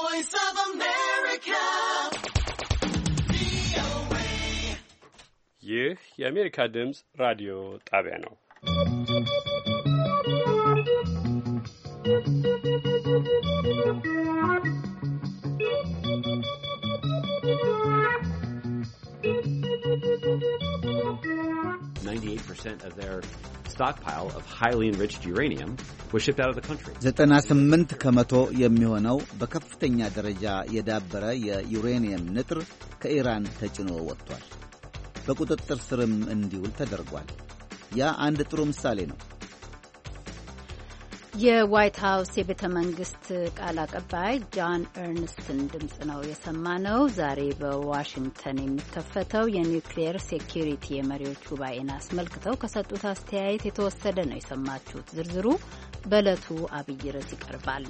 Voice of America. ይህ የአሜሪካ ድምፅ ራዲዮ ጣቢያ ነው። Ninety-eight percent of their stockpile of highly enriched uranium was shipped out of the country. 98 ከመቶ የሚሆነው በከፍተኛ ደረጃ የዳበረ የዩሬኒየም ንጥር ከኢራን ተጭኖ ወጥቷል። በቁጥጥር ስርም እንዲውል ተደርጓል። ያ አንድ ጥሩ ምሳሌ ነው። የዋይት ሀውስ የቤተ መንግስት ቃል አቀባይ ጃን ኤርንስትን ድምፅ ነው የሰማነው። ዛሬ በዋሽንግተን የሚከፈተው የኒውክሌየር ሴኪሪቲ የመሪዎች ጉባኤን አስመልክተው ከሰጡት አስተያየት የተወሰደ ነው የሰማችሁት። ዝርዝሩ በዕለቱ አብይ ርዕስ ይቀርባል።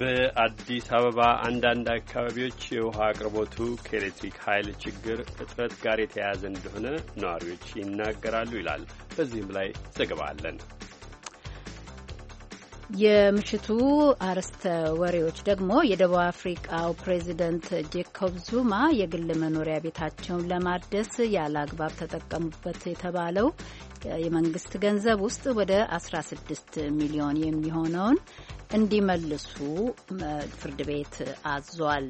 በአዲስ አበባ አንዳንድ አካባቢዎች የውሃ አቅርቦቱ ከኤሌክትሪክ ኃይል ችግር እጥረት ጋር የተያያዘ እንደሆነ ነዋሪዎች ይናገራሉ ይላል። በዚህም ላይ ዘገባ አለን። የምሽቱ አርዕስተ ወሬዎች ደግሞ የደቡብ አፍሪቃው ፕሬዚደንት ጄኮብ ዙማ የግል መኖሪያ ቤታቸውን ለማደስ ያለ አግባብ ተጠቀሙበት የተባለው የመንግስት ገንዘብ ውስጥ ወደ 16 ሚሊዮን የሚሆነውን እንዲመልሱ ፍርድ ቤት አዟል።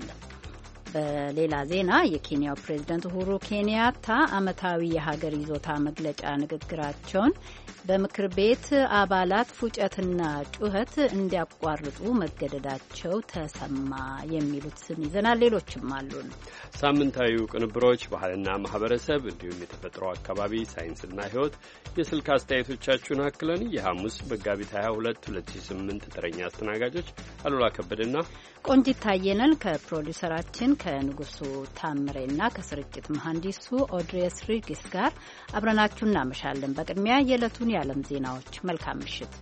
በሌላ ዜና የኬንያው ፕሬዝደንት ሁሩ ኬንያታ አመታዊ የሀገር ይዞታ መግለጫ ንግግራቸውን በምክር ቤት አባላት ፉጨትና ጩኸት እንዲያቋርጡ መገደዳቸው ተሰማ የሚሉትን ይዘናል። ሌሎችም አሉን። ሳምንታዊ ቅንብሮች፣ ባህልና ማህበረሰብ እንዲሁም የተፈጥሮ አካባቢ፣ ሳይንስና ሕይወት የስልክ አስተያየቶቻችሁን አክለን የሐሙስ መጋቢት 22 2008 ተረኛ አስተናጋጆች አሉላ ከበድና ቆንጂት ታየነን ከፕሮዲውሰራችን ከንጉሱ ታምሬና ከስርጭት መሐንዲሱ ኦድሬስ ሪግስ ጋር አብረናችሁ እናመሻለን። በቅድሚያ የዕለቱን የዓለም ዜናዎች። መልካም ምሽት።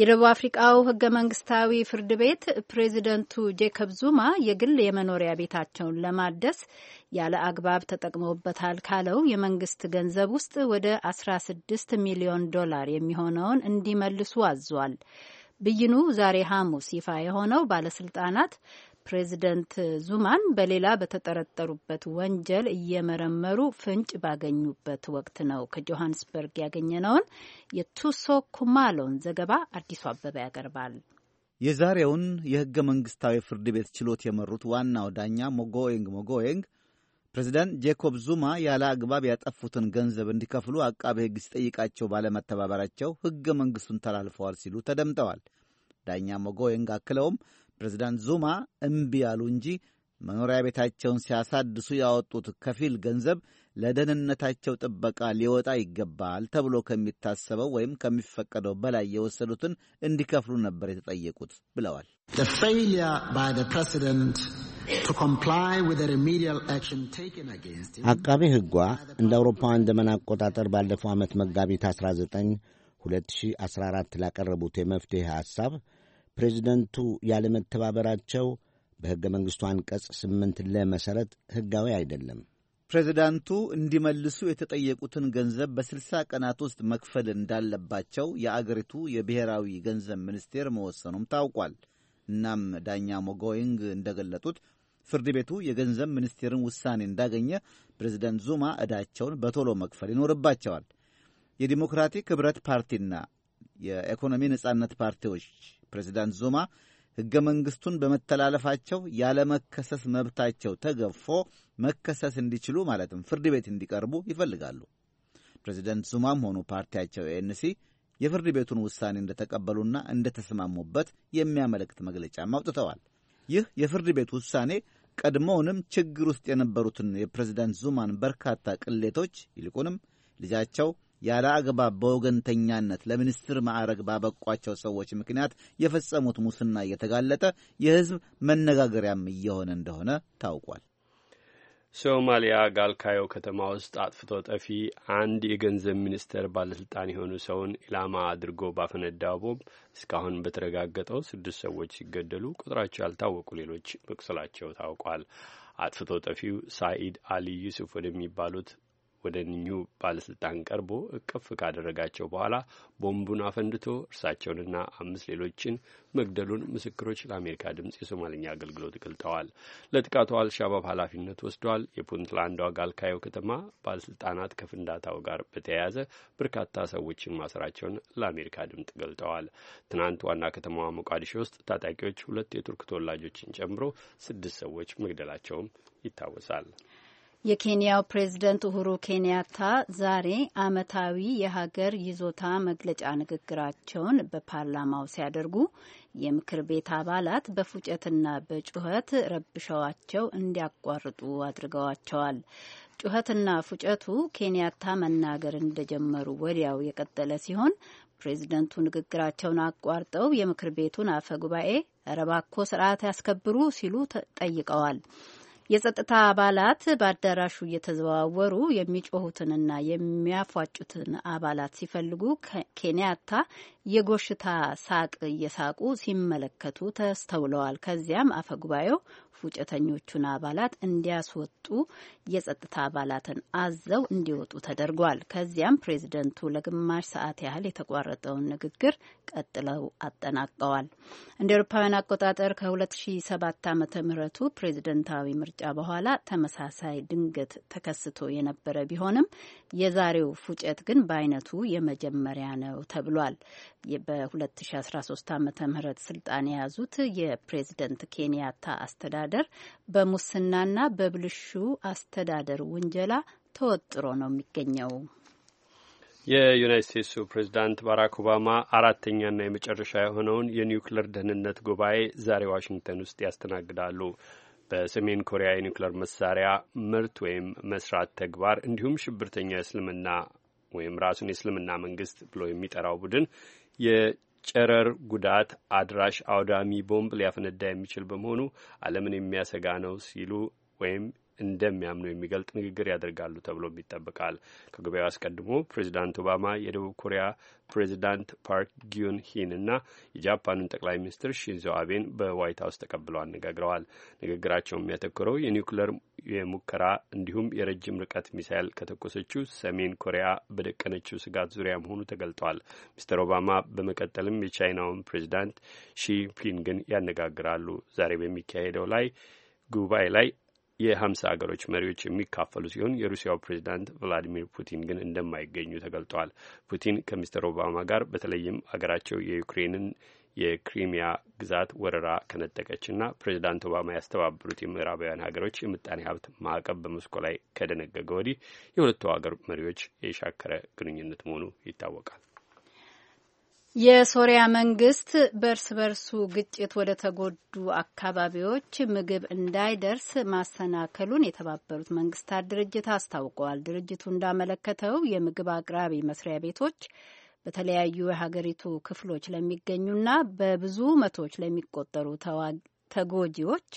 የደቡብ አፍሪቃው ህገ መንግስታዊ ፍርድ ቤት ፕሬዚደንቱ ጄኮብ ዙማ የግል የመኖሪያ ቤታቸውን ለማደስ ያለ አግባብ ተጠቅመውበታል ካለው የመንግስት ገንዘብ ውስጥ ወደ 16 ሚሊዮን ዶላር የሚሆነውን እንዲመልሱ አዟል። ብይኑ ዛሬ ሐሙስ ይፋ የሆነው ባለስልጣናት ፕሬዚደንት ዙማን በሌላ በተጠረጠሩበት ወንጀል እየመረመሩ ፍንጭ ባገኙበት ወቅት ነው። ከጆሃንስበርግ ያገኘነውን የቱሶ ኩማሎን ዘገባ አዲሱ አበበ ያቀርባል። የዛሬውን የሕገ መንግሥታዊ ፍርድ ቤት ችሎት የመሩት ዋናው ዳኛ ሞጎኤንግ ሞጎኤንግ ፕሬዚዳንት ጄኮብ ዙማ ያለ አግባብ ያጠፉትን ገንዘብ እንዲከፍሉ አቃቤ ሕግ ሲጠይቃቸው ባለመተባበራቸው ሕገ መንግሥቱን ተላልፈዋል ሲሉ ተደምጠዋል። ዳኛ ሞጎኤንግ አክለውም ፕሬዚዳንት ዙማ እምቢ ያሉ እንጂ መኖሪያ ቤታቸውን ሲያሳድሱ ያወጡት ከፊል ገንዘብ ለደህንነታቸው ጥበቃ ሊወጣ ይገባል ተብሎ ከሚታሰበው ወይም ከሚፈቀደው በላይ የወሰዱትን እንዲከፍሉ ነበር የተጠየቁት ብለዋል። አቃቤ ሕጓ እንደ አውሮፓውያን ዘመን አቆጣጠር ባለፈው ዓመት መጋቢት 19 2014 ላቀረቡት የመፍትሄ ሐሳብ ፕሬዚደንቱ ያለመተባበራቸው በሕገ መንግሥቱ አንቀጽ ስምንት ለመሠረት ሕጋዊ አይደለም። ፕሬዚዳንቱ እንዲመልሱ የተጠየቁትን ገንዘብ በስልሳ ቀናት ውስጥ መክፈል እንዳለባቸው የአገሪቱ የብሔራዊ ገንዘብ ሚኒስቴር መወሰኑም ታውቋል። እናም ዳኛ ሞጎይንግ እንደገለጡት ፍርድ ቤቱ የገንዘብ ሚኒስቴርን ውሳኔ እንዳገኘ ፕሬዚደንት ዙማ ዕዳቸውን በቶሎ መክፈል ይኖርባቸዋል። የዲሞክራቲክ ኅብረት ፓርቲና የኢኮኖሚ ነጻነት ፓርቲዎች ፕሬዚዳንት ዙማ ሕገ መንግሥቱን በመተላለፋቸው ያለመከሰስ መብታቸው ተገፎ መከሰስ እንዲችሉ ማለትም ፍርድ ቤት እንዲቀርቡ ይፈልጋሉ። ፕሬዚደንት ዙማም ሆኑ ፓርቲያቸው ኤንሲ የፍርድ ቤቱን ውሳኔ እንደተቀበሉና እንደተስማሙበት የሚያመለክት መግለጫም አውጥተዋል። ይህ የፍርድ ቤት ውሳኔ ቀድሞውንም ችግር ውስጥ የነበሩትን የፕሬዚዳንት ዙማን በርካታ ቅሌቶች ይልቁንም ልጃቸው ያለ አግባብ በወገንተኛነት ለሚኒስትር ማዕረግ ባበቋቸው ሰዎች ምክንያት የፈጸሙት ሙስና እየተጋለጠ የሕዝብ መነጋገሪያም እየሆነ እንደሆነ ታውቋል። ሶማሊያ ጋልካዮ ከተማ ውስጥ አጥፍቶ ጠፊ አንድ የገንዘብ ሚኒስቴር ባለስልጣን የሆኑ ሰውን ኢላማ አድርጎ ባፈነዳው ቦምብ እስካሁን በተረጋገጠው ስድስት ሰዎች ሲገደሉ ቁጥራቸው ያልታወቁ ሌሎች መቁሰላቸው ታውቋል። አጥፍቶ ጠፊው ሳኢድ አሊ ዩሱፍ ወደሚባሉት ወደ እኚሁ ባለስልጣን ቀርቦ እቅፍ ካደረጋቸው በኋላ ቦምቡን አፈንድቶ እርሳቸውንና አምስት ሌሎችን መግደሉን ምስክሮች ለአሜሪካ ድምፅ የሶማልኛ አገልግሎት ገልጠዋል። ለጥቃቱ አልሻባብ ኃላፊነት ወስዷል። የፑንትላንዷ ጋልካዮ ከተማ ባለስልጣናት ከፍንዳታው ጋር በተያያዘ በርካታ ሰዎችን ማሰራቸውን ለአሜሪካ ድምፅ ገልጠዋል። ትናንት ዋና ከተማዋ ሞቃዲሾ ውስጥ ታጣቂዎች ሁለት የቱርክ ተወላጆችን ጨምሮ ስድስት ሰዎች መግደላቸውም ይታወሳል። የኬንያው ፕሬዝደንት ኡሁሩ ኬንያታ ዛሬ አመታዊ የሀገር ይዞታ መግለጫ ንግግራቸውን በፓርላማው ሲያደርጉ የምክር ቤት አባላት በፉጨትና በጩኸት ረብሸዋቸው እንዲያቋርጡ አድርገዋቸዋል። ጩኸትና ፉጨቱ ኬንያታ መናገር እንደጀመሩ ወዲያው የቀጠለ ሲሆን ፕሬዝደንቱ ንግግራቸውን አቋርጠው የምክር ቤቱን አፈ ጉባኤ ረባኮ ስርዓት ያስከብሩ ሲሉ ጠይቀዋል። የጸጥታ አባላት በአዳራሹ እየተዘዋወሩ የሚጮሁትንና የሚያፏጩትን አባላት ሲፈልጉ ኬንያታ የጎሽታ ሳቅ እየሳቁ ሲመለከቱ ተስተውለዋል። ከዚያም አፈጉባኤው ፉጨተኞቹን አባላት እንዲያስወጡ የጸጥታ አባላትን አዘው እንዲወጡ ተደርጓል። ከዚያም ፕሬዝደንቱ ለግማሽ ሰዓት ያህል የተቋረጠውን ንግግር ቀጥለው አጠናቀዋል። እንደ ኤሮፓውያን አቆጣጠር ከ2007 ዓ ምቱ ፕሬዝደንታዊ ምርጫ በኋላ ተመሳሳይ ድንገት ተከስቶ የነበረ ቢሆንም የዛሬው ፉጨት ግን በአይነቱ የመጀመሪያ ነው ተብሏል። በ2013 ዓ ምህረት ስልጣን የያዙት የፕሬዝደንት ኬንያታ አስተዳደ አስተዳደር በሙስናና በብልሹ አስተዳደር ውንጀላ ተወጥሮ ነው የሚገኘው። የዩናይት ስቴትሱ ፕሬዚዳንት ባራክ ኦባማ አራተኛና የመጨረሻ የሆነውን የኒውክሌር ደህንነት ጉባኤ ዛሬ ዋሽንግተን ውስጥ ያስተናግዳሉ። በሰሜን ኮሪያ የኒውክሌር መሳሪያ ምርት ወይም መስራት ተግባር እንዲሁም ሽብርተኛ እስልምና ወይም ራሱን የእስልምና መንግስት ብሎ የሚጠራው ቡድን ጨረር ጉዳት አድራሽ አውዳሚ ቦምብ ሊያፈነዳ የሚችል በመሆኑ ዓለምን የሚያሰጋ ነው ሲሉ ወይም እንደሚያምኑ የሚገልጥ ንግግር ያደርጋሉ ተብሎም ይጠበቃል። ከጉባኤው አስቀድሞ ፕሬዚዳንት ኦባማ የደቡብ ኮሪያ ፕሬዚዳንት ፓርክ ጊዩን ሂን እና የጃፓኑን ጠቅላይ ሚኒስትር ሺንዞ አቤን በዋይት ሀውስ ተቀብለው አነጋግረዋል። ንግግራቸው የሚያተኩረው የኒውክለር የሙከራ እንዲሁም የረጅም ርቀት ሚሳይል ከተኮሰችው ሰሜን ኮሪያ በደቀነችው ስጋት ዙሪያ መሆኑ ተገልጧል። ሚስተር ኦባማ በመቀጠልም የቻይናውን ፕሬዚዳንት ሺ ፒንግን ያነጋግራሉ። ዛሬ በሚካሄደው ላይ ጉባኤ ላይ የሀምሳ አገሮች መሪዎች የሚካፈሉ ሲሆን የሩሲያው ፕሬዚዳንት ቭላዲሚር ፑቲን ግን እንደማይገኙ ተገልጧል። ፑቲን ከሚስተር ኦባማ ጋር በተለይም አገራቸው የዩክሬንን የክሪሚያ ግዛት ወረራ ከነጠቀችና ፕሬዚዳንት ኦባማ ያስተባበሩት የምዕራባውያን ሀገሮች የምጣኔ ሀብት ማዕቀብ በሞስኮ ላይ ከደነገገ ወዲህ የሁለቱ ሀገር መሪዎች የሻከረ ግንኙነት መሆኑ ይታወቃል። የሶሪያ መንግስት በእርስ በርሱ ግጭት ወደ ተጎዱ አካባቢዎች ምግብ እንዳይደርስ ማሰናከሉን የተባበሩት መንግስታት ድርጅት አስታውቀዋል። ድርጅቱ እንዳመለከተው የምግብ አቅራቢ መስሪያ ቤቶች በተለያዩ የሀገሪቱ ክፍሎች ለሚገኙና በብዙ መቶዎች ለሚቆጠሩ ተጎጂዎች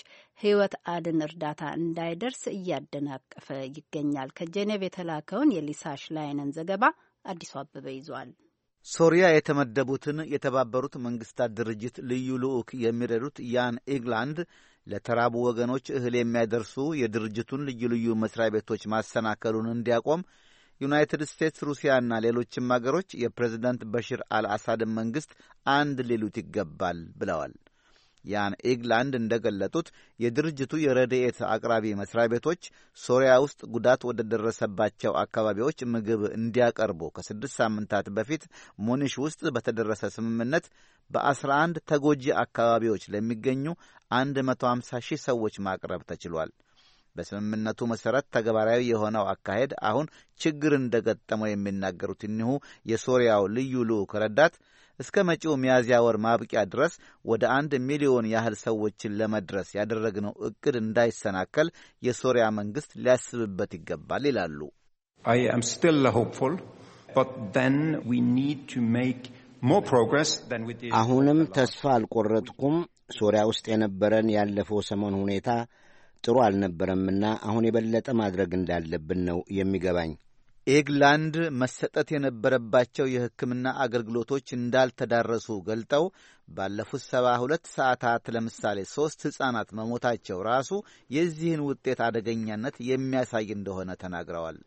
ህይወት አድን እርዳታ እንዳይደርስ እያደናቀፈ ይገኛል። ከጄኔቭ የተላከውን የሊሳ ሽላይንን ዘገባ አዲሱ አበበ ይዟል። ሶሪያ የተመደቡትን የተባበሩት መንግስታት ድርጅት ልዩ ልዑክ የሚረዱት ያን ኢግላንድ ለተራቡ ወገኖች እህል የሚያደርሱ የድርጅቱን ልዩ ልዩ መስሪያ ቤቶች ማሰናከሉን እንዲያቆም ዩናይትድ ስቴትስ፣ ሩሲያና ሌሎችም አገሮች የፕሬዝደንት በሽር አልአሳድን መንግሥት አንድ ሊሉት ይገባል ብለዋል። ያን ኢግላንድ እንደገለጡት የድርጅቱ የረድኤት አቅራቢ መስሪያ ቤቶች ሶሪያ ውስጥ ጉዳት ወደ ደረሰባቸው አካባቢዎች ምግብ እንዲያቀርቡ ከስድስት ሳምንታት በፊት ሙኒሽ ውስጥ በተደረሰ ስምምነት በ11 ተጎጂ አካባቢዎች ለሚገኙ 150 ሺህ ሰዎች ማቅረብ ተችሏል። በስምምነቱ መሠረት ተግባራዊ የሆነው አካሄድ አሁን ችግር እንደገጠመው የሚናገሩት እኒሁ የሶሪያው ልዩ ልዑክ ረዳት እስከ መጪው ሚያዝያ ወር ማብቂያ ድረስ ወደ አንድ ሚሊዮን ያህል ሰዎችን ለመድረስ ያደረግነው እቅድ እንዳይሰናከል የሶሪያ መንግሥት ሊያስብበት ይገባል ይላሉ። አሁንም ተስፋ አልቆረጥኩም። ሶሪያ ውስጥ የነበረን ያለፈው ሰሞን ሁኔታ ጥሩ አልነበረምና አሁን የበለጠ ማድረግ እንዳለብን ነው የሚገባኝ። ኤግላንድ መሰጠት የነበረባቸው የሕክምና አገልግሎቶች እንዳልተዳረሱ ገልጠው ባለፉት ሰባ ሁለት ሰዓታት ለምሳሌ ሦስት ሕፃናት መሞታቸው ራሱ የዚህን ውጤት አደገኛነት የሚያሳይ እንደሆነ ተናግረዋል።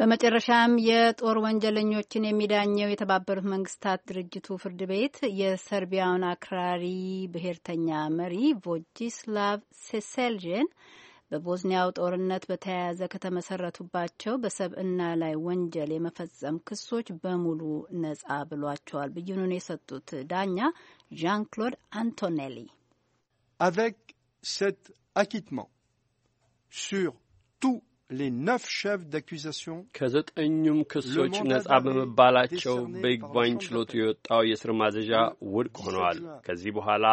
በመጨረሻም የጦር ወንጀለኞችን የሚዳኘው የተባበሩት መንግስታት ድርጅቱ ፍርድ ቤት የሰርቢያውን አክራሪ ብሔርተኛ መሪ ቮጂስላቭ ሴሴልዥን በቦዝኒያው ጦርነት በተያያዘ ከተመሰረቱባቸው በሰብእና ላይ ወንጀል የመፈጸም ክሶች በሙሉ ነጻ ብሏቸዋል። ብይኑን የሰጡት ዳኛ ዣን ክሎድ አንቶኔሊ አቨክ ሴት አኪትመንት ሱር ቱ ከዘጠኙም ክሶች ነጻ በመባላቸው በይግባኝ ችሎቱ የወጣው የእስር ማዘዣ ውድቅ ሆነዋል። ከዚህ በኋላ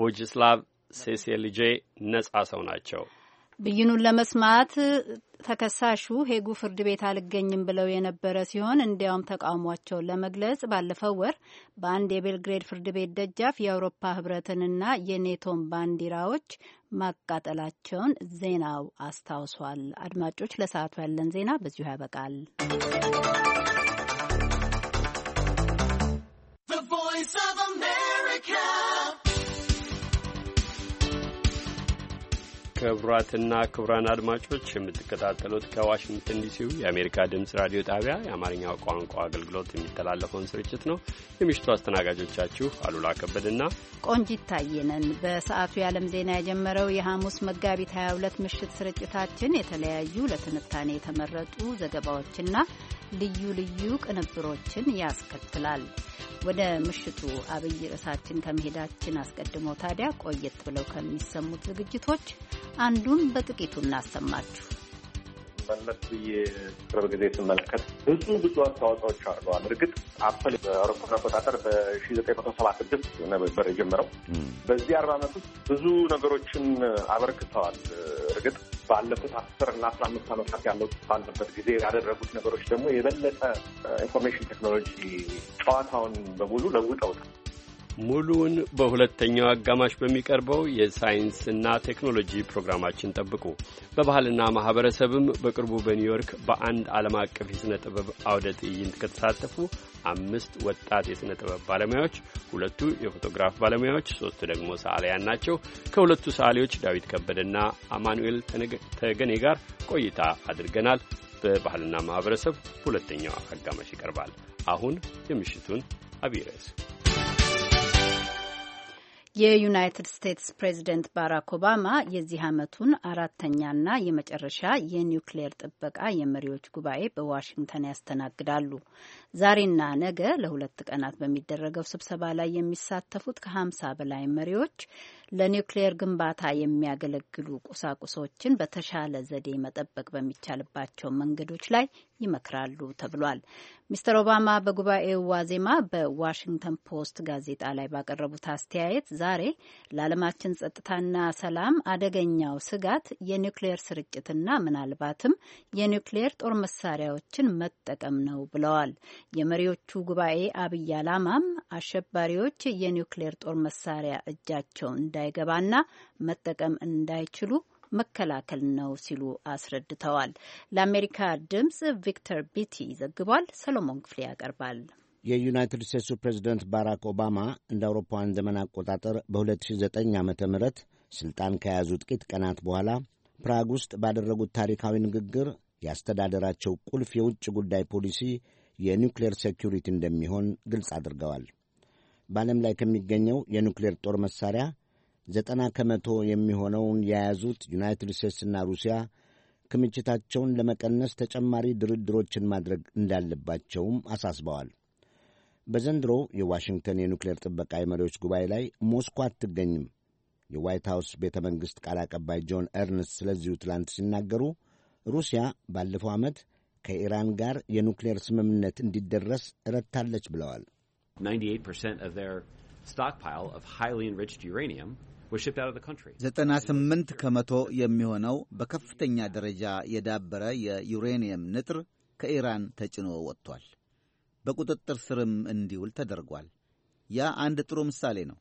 ቮጅስላቭ ሴሴልጄ ነጻ ሰው ናቸው። ብይኑን ለመስማት ተከሳሹ ሄጉ ፍርድ ቤት አልገኝም ብለው የነበረ ሲሆን እንዲያውም ተቃውሟቸውን ለመግለጽ ባለፈው ወር በአንድ የቤልግሬድ ፍርድ ቤት ደጃፍ የአውሮፓ ህብረትንና የኔቶን ባንዲራዎች ማቃጠላቸውን ዜናው አስታውሷል። አድማጮች፣ ለሰዓቱ ያለን ዜና በዚሁ ያበቃል። ክቡራትና ክቡራን አድማጮች የምትከታተሉት ከዋሽንግተን ዲሲው የአሜሪካ ድምፅ ራዲዮ ጣቢያ የአማርኛ ቋንቋ አገልግሎት የሚተላለፈውን ስርጭት ነው። የምሽቱ አስተናጋጆቻችሁ አሉላ ከበድና ቆንጂት ታየነን። በሰዓቱ የዓለም ዜና የጀመረው የሐሙስ መጋቢት 22 ምሽት ስርጭታችን የተለያዩ ለትንታኔ የተመረጡ ዘገባዎችና ልዩ ልዩ ቅንብሮችን ያስከትላል። ወደ ምሽቱ አብይ ርዕሳችን ከመሄዳችን አስቀድሞ ታዲያ ቆየት ብለው ከሚሰሙት ዝግጅቶች አንዱን በጥቂቱ እናሰማችሁ። መለስ ብዬ ቅርብ ጊዜ ስመለከት ብዙ ብዙ አስተዋጽኦዎች አድርገዋል። እርግጥ አፕል በአውሮፓውያን አቆጣጠር በ1976 ነበር የጀመረው። በዚህ አርባ ዓመት ውስጥ ብዙ ነገሮችን አበርክተዋል። እርግጥ ባለፉት አስር እና አስራ አምስት ዓመታት ያለው ባለበት ጊዜ ያደረጉት ነገሮች ደግሞ የበለጠ ኢንፎርሜሽን ቴክኖሎጂ ጨዋታውን በሙሉ ለውጠውታል። ሙሉውን በሁለተኛው አጋማሽ በሚቀርበው የሳይንስና ቴክኖሎጂ ፕሮግራማችን ጠብቁ። በባህልና ማኅበረሰብም በቅርቡ በኒውዮርክ በአንድ ዓለም አቀፍ የሥነ ጥበብ አውደ ትዕይንት ከተሳተፉ አምስት ወጣት የሥነ ጥበብ ባለሙያዎች ሁለቱ የፎቶግራፍ ባለሙያዎች፣ ሦስቱ ደግሞ ሰዓሊያን ናቸው። ከሁለቱ ሰዓሊዎች ዳዊት ከበደና አማኑኤል ተገኔ ጋር ቆይታ አድርገናል። በባህልና ማኅበረሰብ ሁለተኛው አጋማሽ ይቀርባል። አሁን የምሽቱን አብይ ርዕስ የዩናይትድ ስቴትስ ፕሬዚደንት ባራክ ኦባማ የዚህ ዓመቱን አራተኛና የመጨረሻ የኒውክሌር ጥበቃ የመሪዎች ጉባኤ በዋሽንግተን ያስተናግዳሉ። ዛሬና ነገ ለሁለት ቀናት በሚደረገው ስብሰባ ላይ የሚሳተፉት ከሀምሳ በላይ መሪዎች ለኒውክሌየር ግንባታ የሚያገለግሉ ቁሳቁሶችን በተሻለ ዘዴ መጠበቅ በሚቻልባቸው መንገዶች ላይ ይመክራሉ ተብሏል። ሚስተር ኦባማ በጉባኤው ዋዜማ በዋሽንግተን ፖስት ጋዜጣ ላይ ባቀረቡት አስተያየት ዛሬ ለዓለማችን ጸጥታና ሰላም አደገኛው ስጋት የኒውክሌየር ስርጭትና ምናልባትም የኒውክሌየር ጦር መሳሪያዎችን መጠቀም ነው ብለዋል። የመሪዎቹ ጉባኤ አብይ ዓላማም አሸባሪዎች የኒውክሌር ጦር መሳሪያ እጃቸው እንዳይገባና መጠቀም እንዳይችሉ መከላከል ነው ሲሉ አስረድተዋል። ለአሜሪካ ድምፅ ቪክተር ቢቲ ዘግቧል። ሰሎሞን ክፍሌ ያቀርባል። የዩናይትድ ስቴትሱ ፕሬዚደንት ባራክ ኦባማ እንደ አውሮፓውያን ዘመን አቆጣጠር በ2009 ዓ ም ስልጣን ከያዙ ጥቂት ቀናት በኋላ ፕራግ ውስጥ ባደረጉት ታሪካዊ ንግግር የአስተዳደራቸው ቁልፍ የውጭ ጉዳይ ፖሊሲ የኒውክሌር ሴኪሪቲ እንደሚሆን ግልጽ አድርገዋል። በዓለም ላይ ከሚገኘው የኒውክሌር ጦር መሳሪያ ዘጠና ከመቶ የሚሆነውን የያዙት ዩናይትድ ስቴትስና ሩሲያ ክምችታቸውን ለመቀነስ ተጨማሪ ድርድሮችን ማድረግ እንዳለባቸውም አሳስበዋል። በዘንድሮው የዋሽንግተን የኒውክሌር ጥበቃ የመሪዎች ጉባኤ ላይ ሞስኮ አትገኝም። የዋይት ሃውስ ቤተ መንግሥት ቃል አቀባይ ጆን ኤርንስት ስለዚሁ ትላንት ሲናገሩ ሩሲያ ባለፈው ዓመት ከኢራን ጋር የኑክሌር ስምምነት እንዲደረስ ረድታለች ብለዋል። 98 ከመቶ የሚሆነው በከፍተኛ ደረጃ የዳበረ የዩሬኒየም ንጥር ከኢራን ተጭኖ ወጥቷል፣ በቁጥጥር ስርም እንዲውል ተደርጓል። ያ አንድ ጥሩ ምሳሌ ነው።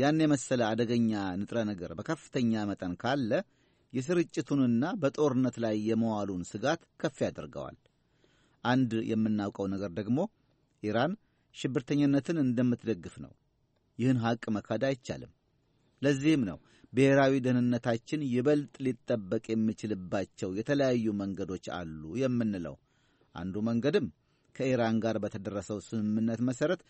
ያን የመሰለ አደገኛ ንጥረ ነገር በከፍተኛ መጠን ካለ የስርጭቱንና በጦርነት ላይ የመዋሉን ስጋት ከፍ ያደርገዋል። አንድ የምናውቀው ነገር ደግሞ ኢራን ሽብርተኝነትን እንደምትደግፍ ነው። ይህን ሐቅ መካድ አይቻልም። ለዚህም ነው ብሔራዊ ደህንነታችን ይበልጥ ሊጠበቅ የሚችልባቸው የተለያዩ መንገዶች አሉ የምንለው። አንዱ መንገድም ከኢራን ጋር በተደረሰው ስምምነት መሠረት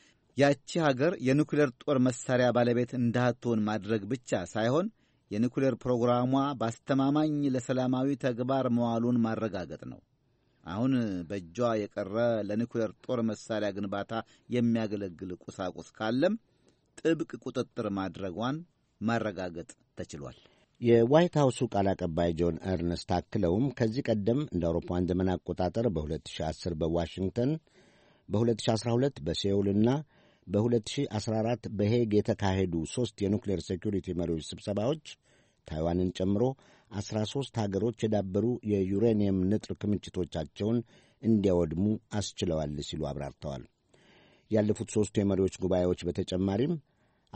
ያቺ ሀገር የኑክሌር ጦር መሣሪያ ባለቤት እንዳትሆን ማድረግ ብቻ ሳይሆን የኒኩሌር ፕሮግራሟ በአስተማማኝ ለሰላማዊ ተግባር መዋሉን ማረጋገጥ ነው። አሁን በእጇ የቀረ ለኒኩሌር ጦር መሳሪያ ግንባታ የሚያገለግል ቁሳቁስ ካለም ጥብቅ ቁጥጥር ማድረጓን ማረጋገጥ ተችሏል። የዋይት ሀውሱ ቃል አቀባይ ጆን ኤርንስት አክለውም ከዚህ ቀደም እንደ አውሮፓውያን ዘመን አቆጣጠር በ2010 በዋሽንግተን በ2012 በሴውልና በ2014 በሄግ የተካሄዱ ሦስት የኑክሌር ሴኪሪቲ መሪዎች ስብሰባዎች ታይዋንን ጨምሮ 13 ሀገሮች የዳበሩ የዩሬኒየም ንጥር ክምችቶቻቸውን እንዲያወድሙ አስችለዋል ሲሉ አብራርተዋል። ያለፉት ሦስቱ የመሪዎች ጉባኤዎች በተጨማሪም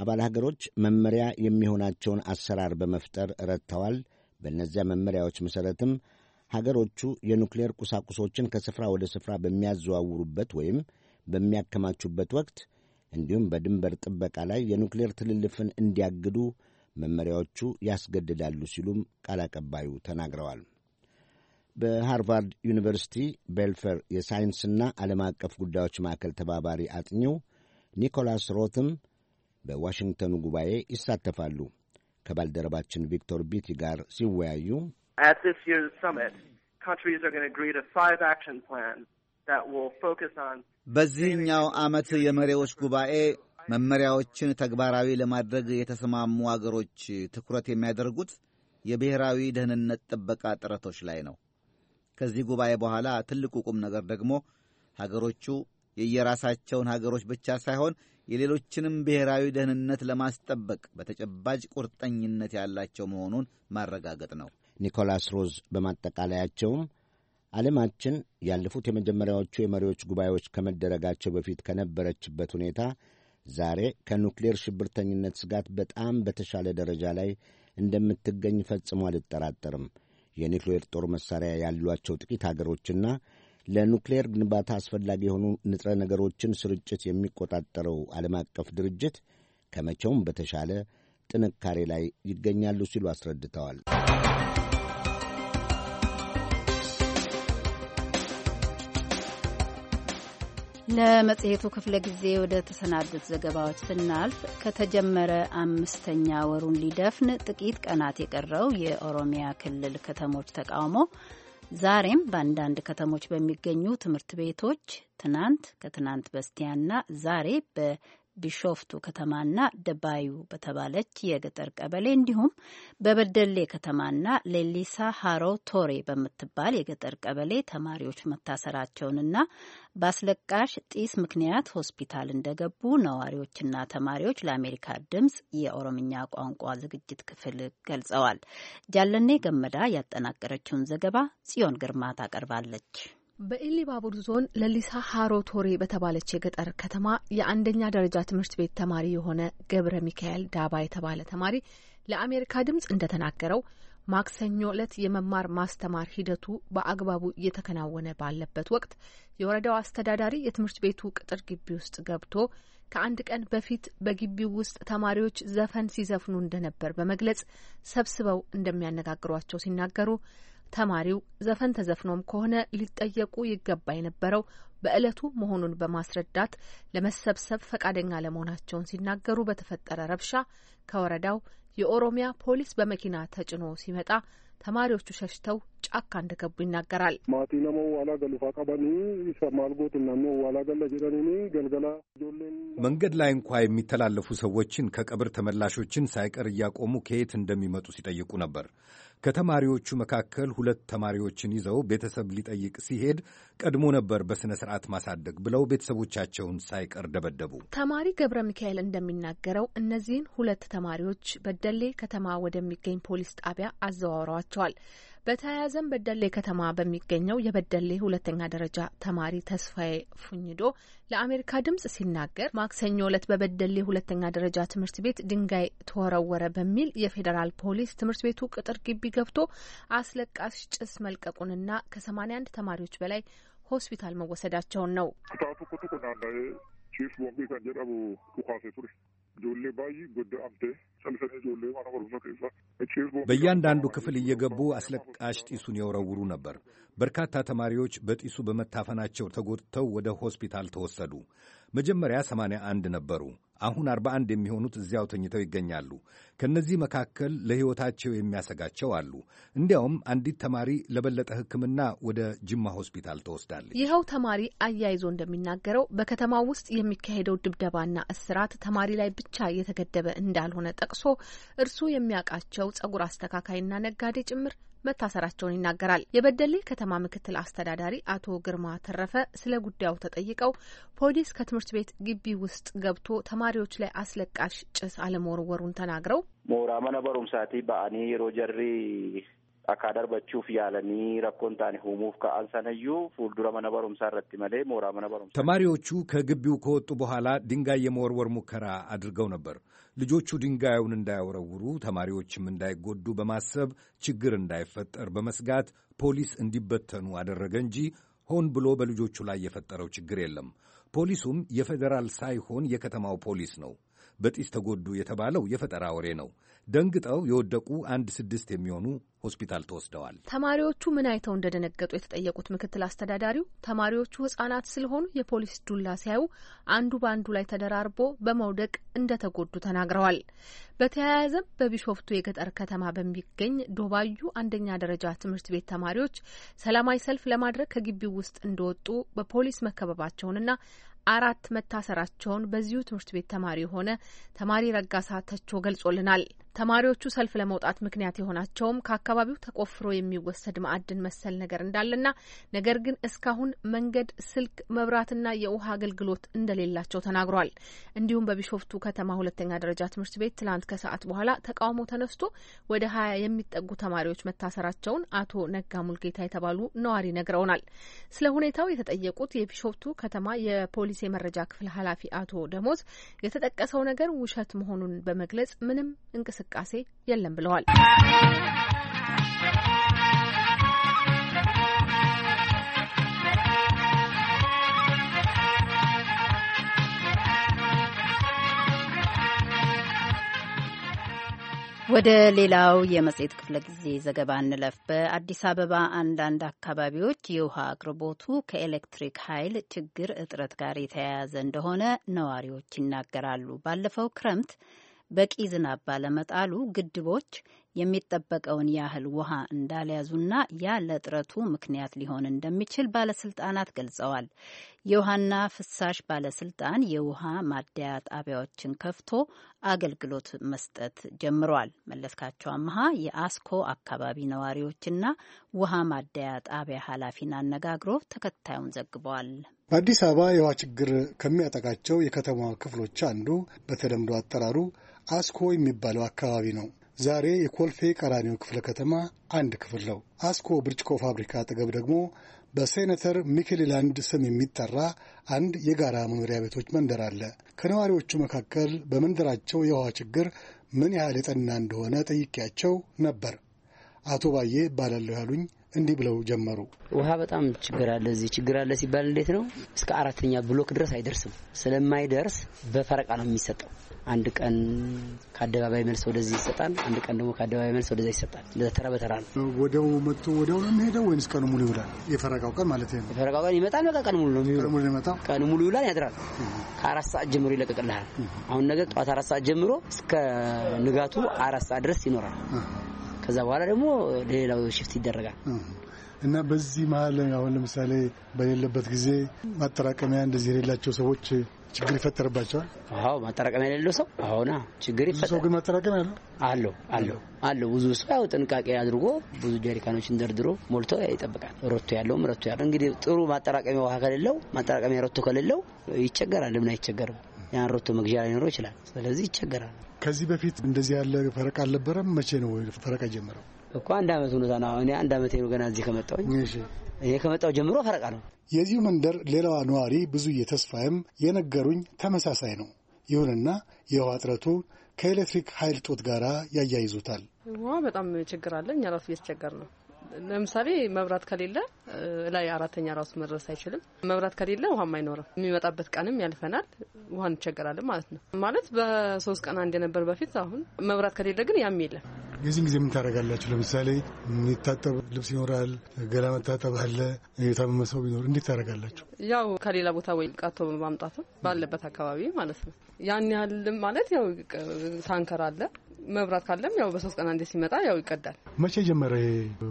አባል ሀገሮች መመሪያ የሚሆናቸውን አሰራር በመፍጠር ረድተዋል። በእነዚያ መመሪያዎች መሠረትም ሀገሮቹ የኑክሌር ቁሳቁሶችን ከስፍራ ወደ ስፍራ በሚያዘዋውሩበት ወይም በሚያከማቹበት ወቅት እንዲሁም በድንበር ጥበቃ ላይ የኑክሌር ትልልፍን እንዲያግዱ መመሪያዎቹ ያስገድዳሉ ሲሉም ቃል አቀባዩ ተናግረዋል። በሃርቫርድ ዩኒቨርሲቲ ቤልፈር የሳይንስና ዓለም አቀፍ ጉዳዮች ማዕከል ተባባሪ አጥኚው ኒኮላስ ሮትም በዋሽንግተኑ ጉባኤ ይሳተፋሉ። ከባልደረባችን ቪክቶር ቢቲ ጋር ሲወያዩ በዚህኛው ዓመት የመሪዎች ጉባኤ መመሪያዎችን ተግባራዊ ለማድረግ የተስማሙ አገሮች ትኩረት የሚያደርጉት የብሔራዊ ደህንነት ጥበቃ ጥረቶች ላይ ነው። ከዚህ ጉባኤ በኋላ ትልቁ ቁም ነገር ደግሞ ሀገሮቹ የየራሳቸውን ሀገሮች ብቻ ሳይሆን የሌሎችንም ብሔራዊ ደህንነት ለማስጠበቅ በተጨባጭ ቁርጠኝነት ያላቸው መሆኑን ማረጋገጥ ነው። ኒኮላስ ሮዝ በማጠቃለያቸውም ዓለማችን ያለፉት የመጀመሪያዎቹ የመሪዎች ጉባኤዎች ከመደረጋቸው በፊት ከነበረችበት ሁኔታ ዛሬ ከኑክሌር ሽብርተኝነት ስጋት በጣም በተሻለ ደረጃ ላይ እንደምትገኝ ፈጽሞ አልጠራጠርም። የኒክሌር ጦር መሳሪያ ያሏቸው ጥቂት አገሮችና ለኑክሌር ግንባታ አስፈላጊ የሆኑ ንጥረ ነገሮችን ስርጭት የሚቆጣጠረው ዓለም አቀፍ ድርጅት ከመቼውም በተሻለ ጥንካሬ ላይ ይገኛሉ ሲሉ አስረድተዋል። ለመጽሔቱ ክፍለ ጊዜ ወደ ተሰናዱት ዘገባዎች ስናልፍ ከተጀመረ አምስተኛ ወሩን ሊደፍን ጥቂት ቀናት የቀረው የኦሮሚያ ክልል ከተሞች ተቃውሞ ዛሬም በአንዳንድ ከተሞች በሚገኙ ትምህርት ቤቶች ትናንት፣ ከትናንት በስቲያና ዛሬ ቢሾፍቱ ከተማና ደባዩ በተባለች የገጠር ቀበሌ እንዲሁም በበደሌ ከተማና ሌሊሳ ሃሮ ቶሬ በምትባል የገጠር ቀበሌ ተማሪዎች መታሰራቸውንና በአስለቃሽ ጢስ ምክንያት ሆስፒታል እንደገቡ ነዋሪዎችና ተማሪዎች ለአሜሪካ ድምጽ የኦሮምኛ ቋንቋ ዝግጅት ክፍል ገልጸዋል። ጃለኔ ገመዳ ያጠናቀረችውን ዘገባ ጽዮን ግርማ ታቀርባለች። በኢሊባቡር ዞን ለሊሳ ሀሮ ቶሬ በተባለች የገጠር ከተማ የአንደኛ ደረጃ ትምህርት ቤት ተማሪ የሆነ ገብረ ሚካኤል ዳባ የተባለ ተማሪ ለአሜሪካ ድምጽ እንደተናገረው ማክሰኞ ዕለት የመማር ማስተማር ሂደቱ በአግባቡ እየተከናወነ ባለበት ወቅት የወረዳው አስተዳዳሪ የትምህርት ቤቱ ቅጥር ግቢ ውስጥ ገብቶ ከአንድ ቀን በፊት በግቢው ውስጥ ተማሪዎች ዘፈን ሲዘፍኑ እንደነበር በመግለጽ ሰብስበው እንደሚያነጋግሯቸው ሲናገሩ ተማሪው ዘፈን ተዘፍኖም ከሆነ ሊጠየቁ ይገባ የነበረው በዕለቱ መሆኑን በማስረዳት ለመሰብሰብ ፈቃደኛ ለመሆናቸውን ሲናገሩ በተፈጠረ ረብሻ ከወረዳው የኦሮሚያ ፖሊስ በመኪና ተጭኖ ሲመጣ ተማሪዎቹ ሸሽተው ጫካ እንደገቡ ይናገራል። መንገድ ላይ እንኳ የሚተላለፉ ሰዎችን ከቀብር ተመላሾችን ሳይቀር እያቆሙ ከየት እንደሚመጡ ሲጠይቁ ነበር። ከተማሪዎቹ መካከል ሁለት ተማሪዎችን ይዘው ቤተሰብ ሊጠይቅ ሲሄድ ቀድሞ ነበር በሥነ ሥርዓት ማሳደግ ብለው ቤተሰቦቻቸውን ሳይቀር ደበደቡ። ተማሪ ገብረ ሚካኤል እንደሚናገረው እነዚህን ሁለት ተማሪዎች በደሌ ከተማ ወደሚገኝ ፖሊስ ጣቢያ አዘዋውረዋቸዋል። በተያያዘም በደሌ ከተማ በሚገኘው የበደሌ ሁለተኛ ደረጃ ተማሪ ተስፋዬ ፉኝዶ ለአሜሪካ ድምጽ ሲናገር ማክሰኞ ዕለት በበደሌ ሁለተኛ ደረጃ ትምህርት ቤት ድንጋይ ተወረወረ በሚል የፌዴራል ፖሊስ ትምህርት ቤቱ ቅጥር ግቢ ገብቶ አስለቃሽ ጭስ መልቀቁንና ከ81 ተማሪዎች በላይ ሆስፒታል መወሰዳቸውን ነው። በእያንዳንዱ ክፍል እየገቡ አስለቃሽ ጢሱን የወረውሩ ነበር። በርካታ ተማሪዎች በጢሱ በመታፈናቸው ተጎድተው ወደ ሆስፒታል ተወሰዱ። መጀመሪያ 81 ነበሩ። አሁን 41 የሚሆኑት እዚያው ተኝተው ይገኛሉ። ከእነዚህ መካከል ለሕይወታቸው የሚያሰጋቸው አሉ። እንዲያውም አንዲት ተማሪ ለበለጠ ሕክምና ወደ ጅማ ሆስፒታል ተወስዳለች። ይኸው ተማሪ አያይዞ እንደሚናገረው በከተማው ውስጥ የሚካሄደው ድብደባና እስራት ተማሪ ላይ ብቻ የተገደበ እንዳልሆነ ጠቅሶ እርሱ የሚያውቃቸው ጸጉር አስተካካይና ነጋዴ ጭምር መታሰራቸውን ይናገራል። የበደሌ ከተማ ምክትል አስተዳዳሪ አቶ ግርማ ተረፈ ስለ ጉዳዩ ተጠይቀው ፖሊስ ከትምህርት ቤት ግቢ ውስጥ ገብቶ ተማሪዎች ላይ አስለቃሽ ጭስ አለመወርወሩን ተናግረው ሞራ መነ በአኒ ሮጀሪ akka darbachuuf yaalanii rakkoon taane uumuuf ka'an sanayyuu fuuldura mana barumsaa irratti malee mooraa mana barumsaa ተማሪዎቹ ከግቢው ከወጡ በኋላ ድንጋይ የመወርወር ሙከራ አድርገው ነበር። ልጆቹ ድንጋዩን እንዳያወረውሩ ተማሪዎችም እንዳይጎዱ በማሰብ ችግር እንዳይፈጠር በመስጋት ፖሊስ እንዲበተኑ አደረገ እንጂ ሆን ብሎ በልጆቹ ላይ የፈጠረው ችግር የለም። ፖሊሱም የፌዴራል ሳይሆን የከተማው ፖሊስ ነው። በጢስ ተጎዱ የተባለው የፈጠራ ወሬ ነው። ደንግጠው የወደቁ አንድ ስድስት የሚሆኑ ሆስፒታል ተወስደዋል። ተማሪዎቹ ምን አይተው እንደደነገጡ የተጠየቁት ምክትል አስተዳዳሪው ተማሪዎቹ ህጻናት ስለሆኑ የፖሊስ ዱላ ሲያዩ አንዱ በአንዱ ላይ ተደራርቦ በመውደቅ እንደተጎዱ ተናግረዋል። በተያያዘም በቢሾፍቱ የገጠር ከተማ በሚገኝ ዶባዩ አንደኛ ደረጃ ትምህርት ቤት ተማሪዎች ሰላማዊ ሰልፍ ለማድረግ ከግቢው ውስጥ እንደወጡ በፖሊስ መከበባቸውንና አራት መታሰራቸውን በዚሁ ትምህርት ቤት ተማሪ የሆነ ተማሪ ረጋሳ ተቾ ገልጾልናል። ተማሪዎቹ ሰልፍ ለመውጣት ምክንያት የሆናቸውም ከአካባቢው ተቆፍሮ የሚወሰድ ማዕድን መሰል ነገር እንዳለና ነገር ግን እስካሁን መንገድ፣ ስልክ፣ መብራትና የውሃ አገልግሎት እንደሌላቸው ተናግሯል። እንዲሁም በቢሾፍቱ ከተማ ሁለተኛ ደረጃ ትምህርት ቤት ትላንት ከሰዓት በኋላ ተቃውሞ ተነስቶ ወደ ሀያ የሚጠጉ ተማሪዎች መታሰራቸውን አቶ ነጋ ሙልጌታ የተባሉ ነዋሪ ነግረውናል። ስለ ሁኔታው የተጠየቁት የቢሾፍቱ ከተማ የፖሊስ የመረጃ ክፍል ኃላፊ አቶ ደሞዝ የተጠቀሰው ነገር ውሸት መሆኑን በመግለጽ ምንም እንቅስቃሴ እንቅስቃሴ የለም ብለዋል። ወደ ሌላው የመጽሔት ክፍለ ጊዜ ዘገባ እንለፍ። በአዲስ አበባ አንዳንድ አካባቢዎች የውሃ አቅርቦቱ ከኤሌክትሪክ ኃይል ችግር እጥረት ጋር የተያያዘ እንደሆነ ነዋሪዎች ይናገራሉ። ባለፈው ክረምት በቂ ዝናብ ባለመጣሉ ግድቦች የሚጠበቀውን ያህል ውሃ እንዳልያዙና ያ ለጥረቱ ምክንያት ሊሆን እንደሚችል ባለስልጣናት ገልጸዋል። የውሃና ፍሳሽ ባለስልጣን የውሃ ማደያ ጣቢያዎችን ከፍቶ አገልግሎት መስጠት ጀምሯል። መለስካቸው አመሃ የአስኮ አካባቢ ነዋሪዎችና ውሃ ማደያ ጣቢያ ኃላፊን አነጋግሮ ተከታዩን ዘግበዋል። በአዲስ አበባ የውሃ ችግር ከሚያጠቃቸው የከተማ ክፍሎች አንዱ በተለምዶ አጠራሩ አስኮ የሚባለው አካባቢ ነው። ዛሬ የኮልፌ ቀራኒዮ ክፍለ ከተማ አንድ ክፍል ነው። አስኮ ብርጭቆ ፋብሪካ አጠገብ ደግሞ በሴኔተር ሚክሊላንድ ስም የሚጠራ አንድ የጋራ መኖሪያ ቤቶች መንደር አለ። ከነዋሪዎቹ መካከል በመንደራቸው የውሃ ችግር ምን ያህል የጠና እንደሆነ ጠይቄያቸው ነበር። አቶ ባዬ እባላለሁ ያሉኝ እንዲህ ብለው ጀመሩ። ውሃ በጣም ችግር አለ። እዚህ ችግር አለ ሲባል እንዴት ነው? እስከ አራተኛ ብሎክ ድረስ አይደርስም። ስለማይደርስ በፈረቃ ነው የሚሰጠው። አንድ ቀን ከአደባባይ መልስ ወደዚህ ይሰጣል፣ አንድ ቀን ደግሞ ከአደባባይ መልስ ወደዚ ይሰጣል። ተራ በተራ ነው። ወደው መጥቶ ወደው ነው የሚሄደው ወይንስ ቀኑ ሙሉ ይውላል? የፈረቃው ቀን ማለት ነው። የፈረቃው ቀን ይመጣል። በቃ ቀን ሙሉ ነው የሚውለው። ቀኑ ሙሉ ይውላል፣ ያድራል። ከአራት ሰዓት ጀምሮ ይለቀቅልሃል። አሁን ነገ ጠዋት አራት ሰዓት ጀምሮ እስከ ንጋቱ አራት ሰዓት ድረስ ይኖራል። ከዛ በኋላ ደግሞ ለሌላው ሽፍት ይደረጋል። እና በዚህ መሀል አሁን ለምሳሌ በሌለበት ጊዜ ማጠራቀሚያ እንደዚህ የሌላቸው ሰዎች ችግር ይፈጠርባቸዋል። አዎ ማጠራቀም የሌለው ሰው አሁና ችግር ይፈጠራል። ሰው ግን ያለው አለው አለው ብዙ ሰው ያው ጥንቃቄ አድርጎ ብዙ ጀሪካኖችን ደርድሮ ሞልቶ ይጠብቃል። ሮቶ ያለውም ረቶ ያለው እንግዲህ ጥሩ ማጠራቀሚያ ውሃ ከሌለው ማጠራቀሚያ ረቶ ከሌለው ይቸገራል። ለምን አይቸገርም? ያን ሮቶ መግዣ ላይኖረው ይችላል። ስለዚህ ይቸገራል። ከዚህ በፊት እንደዚህ ያለ ፈረቃ አልነበረም። መቼ ነው ፈረቃ ጀመረው? እኮ አንድ አመት ነው። እኔ አንድ አመት ነው ገና እዚህ ከመጣሁኝ። እኔ ከመጣሁ ጀምሮ ፈረቃ ነው። የዚሁ መንደር ሌላዋ ነዋሪ ብዙ እየተስፋየም የነገሩኝ ተመሳሳይ ነው። ይሁንና የውሃ እጥረቱ ከኤሌክትሪክ ኃይል ጦት ጋር ያያይዙታል። ውሃ በጣም ችግር አለ። እኛ ራሱ እየተቸገር ነው ለምሳሌ መብራት ከሌለ ላይ አራተኛ ራሱ መድረስ አይችልም። መብራት ከሌለ ውሃም አይኖርም። የሚመጣበት ቀንም ያልፈናል። ውሃ እንቸገራለን ማለት ነው። ማለት በሶስት ቀን አንድ የነበር በፊት አሁን መብራት ከሌለ ግን ያም የለም። የዚህን ጊዜ ምን ታደርጋላችሁ? ለምሳሌ የሚታጠብ ልብስ ይኖራል፣ ገላ መታጠብ አለ፣ የታመመ ሰው ቢኖር እንዴት ታደርጋላችሁ? ያው ከሌላ ቦታ ወይ ቃቶ በማምጣትም ባለበት አካባቢ ማለት ነው። ያን ያህል ማለት ያው ታንከር አለ መብራት ካለም ያው በሶስት ቀን አንዴ ሲመጣ ያው ይቀዳል። መቼ ጀመረ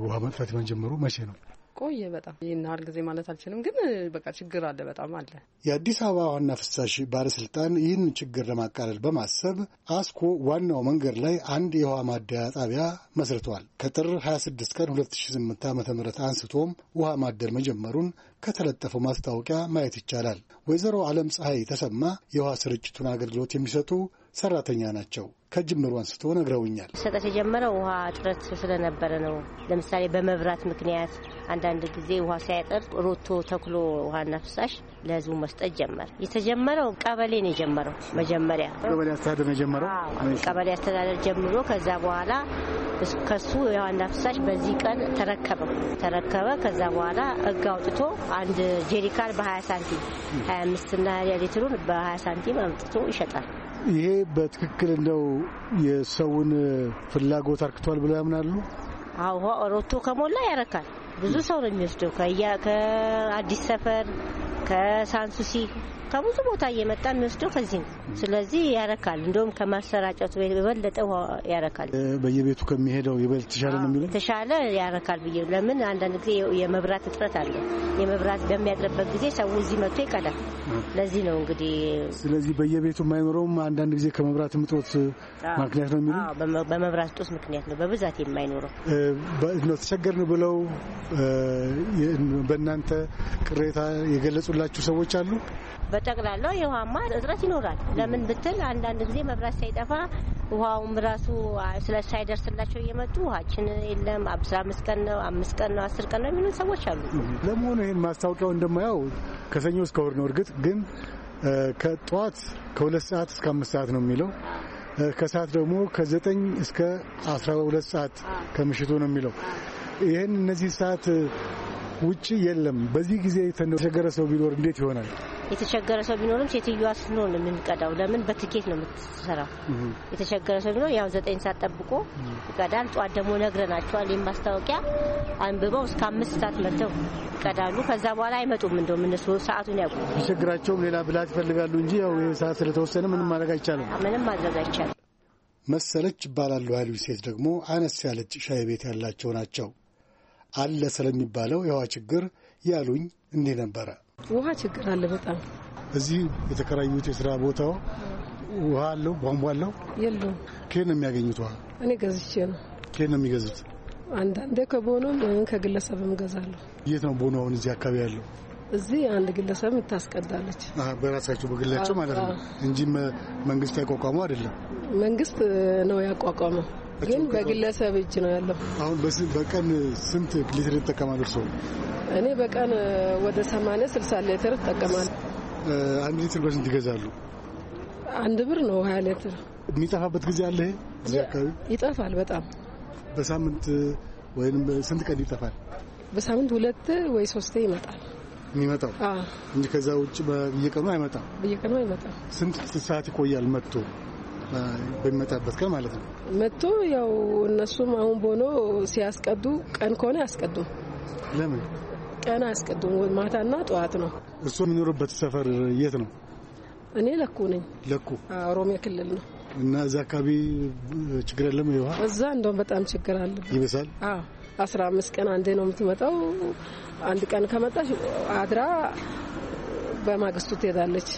ውሃ መጥፋት መጀመሩ? መቼ ነው? ቆየ በጣም ይህን ያህል ጊዜ ማለት አልችልም፣ ግን በቃ ችግር አለ፣ በጣም አለ። የአዲስ አበባ ዋና ፍሳሽ ባለስልጣን ይህን ችግር ለማቃለል በማሰብ አስኮ ዋናው መንገድ ላይ አንድ የውሃ ማደያ ጣቢያ መስርቷል። ከጥር 26 ቀን 2008 ዓ ም አንስቶም ውሃ ማደል መጀመሩን ከተለጠፈው ማስታወቂያ ማየት ይቻላል። ወይዘሮ ዓለም ፀሐይ ተሰማ የውሃ ስርጭቱን አገልግሎት የሚሰጡ ሰራተኛ ናቸው። ከጅምሩ አንስቶ ነግረውኛል። ሰጠት የጀመረው ውሃ እጥረት ስለነበረ ነው። ለምሳሌ በመብራት ምክንያት አንዳንድ ጊዜ ውሃ ሲያጠር ሮቶ ተክሎ ውሃና ፍሳሽ ለህዝቡ መስጠት ጀመረ። የተጀመረው ቀበሌ ነው የጀመረው መጀመሪያ ቀበሌ አስተዳደር የጀመረው ቀበሌ አስተዳደር ጀምሮ ከዛ በኋላ ከሱ የውሃና ፍሳሽ በዚህ ቀን ተረከበ ተረከበ። ከዛ በኋላ ህግ አውጥቶ አንድ ጄሪካን በ20 ሳንቲም 25ና ሊትሩን በ20 ሳንቲም አምጥቶ ይሸጣል። ይሄ በትክክል እንደው የሰውን ፍላጎት አርክቷል ብለው ያምናሉ? አዎ ሮቶ ከሞላ ያረካል። ብዙ ሰው ነው የሚወስደው ከአዲስ ሰፈር ከሳንሱሲ ከብዙ ቦታ እየመጣ የሚወስደው ከዚህ ነው። ስለዚህ ያረካል። እንደውም ከማሰራጨቱ የበለጠ ያረካል። በየቤቱ ከሚሄደው የበለጠ ተሻለ ነው የሚለው ተሻለ ያረካል ብዬ ለምን አንዳንድ ጊዜ የመብራት እጥረት አለ። የመብራት በሚያጥርበት ጊዜ ሰው እዚህ መጥቶ ይቀዳል። ለዚህ ነው እንግዲህ ስለዚህ በየቤቱ የማይኖረውም አንዳንድ ጊዜ ከመብራት እጦት ምክንያት ነው የሚለው በመብራት እጦት ምክንያት ነው በብዛት የማይኖረው ነው። ተቸገርን ብለው በእናንተ ቅሬታ የገለጹላችሁ ሰዎች አሉ በጠቅላላው የውሃማ እጥረት ይኖራል። ለምን ብትል አንዳንድ ጊዜ መብራት ሳይጠፋ ውሃውም ራሱ ሳይደርስላቸው እየመጡ ውሃችን የለም አስራ አምስት ቀን ነው አምስት ቀን ነው አስር ቀን ነው የሚሉን ሰዎች አሉ። ለመሆኑ ይህን ማስታወቂያው እንደማየው ከሰኞ እስከ እሑድ ነው። እርግጥ ግን ከጠዋት ከሁለት ሰዓት እስከ አምስት ሰዓት ነው የሚለው ከሰዓት ደግሞ ከዘጠኝ እስከ አስራ ሁለት ሰዓት ከምሽቱ ነው የሚለው ይህን እነዚህ ሰዓት ውጭ የለም። በዚህ ጊዜ የተቸገረ ሰው ቢኖር እንዴት ይሆናል? የተቸገረ ሰው ቢኖርም ሴትዮዋ ስኖር ነው የምንቀዳው። ለምን በትኬት ነው የምትሰራው። የተቸገረ ሰው ቢኖር ያው ዘጠኝ ሰዓት ጠብቆ ይቀዳል። ጠዋት ደግሞ ነግረናቸዋል። ይህም ማስታወቂያ አንብበው እስከ አምስት ሰዓት መጥተው ይቀዳሉ። ከዛ በኋላ አይመጡም። እንደውም እነሱ ሰዓቱን ያውቁ። ችግራቸውም ሌላ ብላት ይፈልጋሉ እንጂ ያው ይህ ሰዓት ስለተወሰነ ምንም ማድረግ አይቻልም። ምንም ማድረግ አይቻልም። መሰለች ይባላሉ። ኃይሉ ሴት ደግሞ አነስ ያለች ሻይ ቤት ያላቸው ናቸው። አለ ስለሚባለው የውሃ ችግር ያሉኝ እንዲህ ነበረ። ውሃ ችግር አለ በጣም እዚህ የተከራዩት የስራ ቦታው ውሃ አለው ቧንቧ አለው የለውም። ከየት ነው የሚያገኙት ውሃ? እኔ ገዝቼ ነው። ከየት ነው የሚገዙት? አንዳንዴ ከቦኖም ከግለሰብም እገዛለሁ። የት ነው ቦኖ አሁን እዚህ አካባቢ ያለው? እዚህ አንድ ግለሰብ ታስቀዳለች። በራሳቸው በግላቸው ማለት ነው እንጂ መንግስት ያቋቋመው አይደለም። መንግስት ነው ያቋቋመው። ግን በግለሰብ እጅ ነው ያለው። አሁን በቀን ስንት ሊትር ይጠቀማል ሰው? እኔ በቀን ወደ 80 60 ሊትር ይጠቀማል። አንድ ሊትር በስንት ይገዛሉ? አንድ ብር ነው 20 ሊትር። የሚጠፋበት ጊዜ አለ? እዚህ አካባቢ ይጠፋል በጣም በሳምንት ወይንም ስንት ቀን ይጠፋል? በሳምንት ሁለት ወይ ሶስቴ ይመጣል የሚመጣው እንጂ ከዛ ውጭ በየቀኑ አይመጣም። በየቀኑ አይመጣም። ስንት ሰዓት ይቆያል መጥቶ በሚመጣበት ቀን ማለት ነው መጥቶ ያው እነሱም አሁን ቦኖ ሲያስቀዱ ቀን ከሆነ አያስቀዱም። ለምን ቀን አያስቀዱም? ማታና ጠዋት ነው። እሱ የሚኖሩበት ሰፈር የት ነው? እኔ ለኩ ነኝ። ለኩ ኦሮሚያ ክልል ነው። እና እዛ አካባቢ ችግር የለም? ይዋ እዛ እንደውም በጣም ችግር አለ፣ ይብሳል። አስራ አምስት ቀን አንዴ ነው የምትመጣው። አንድ ቀን ከመጣሽ አድራ በማግስቱ ትሄዳለች።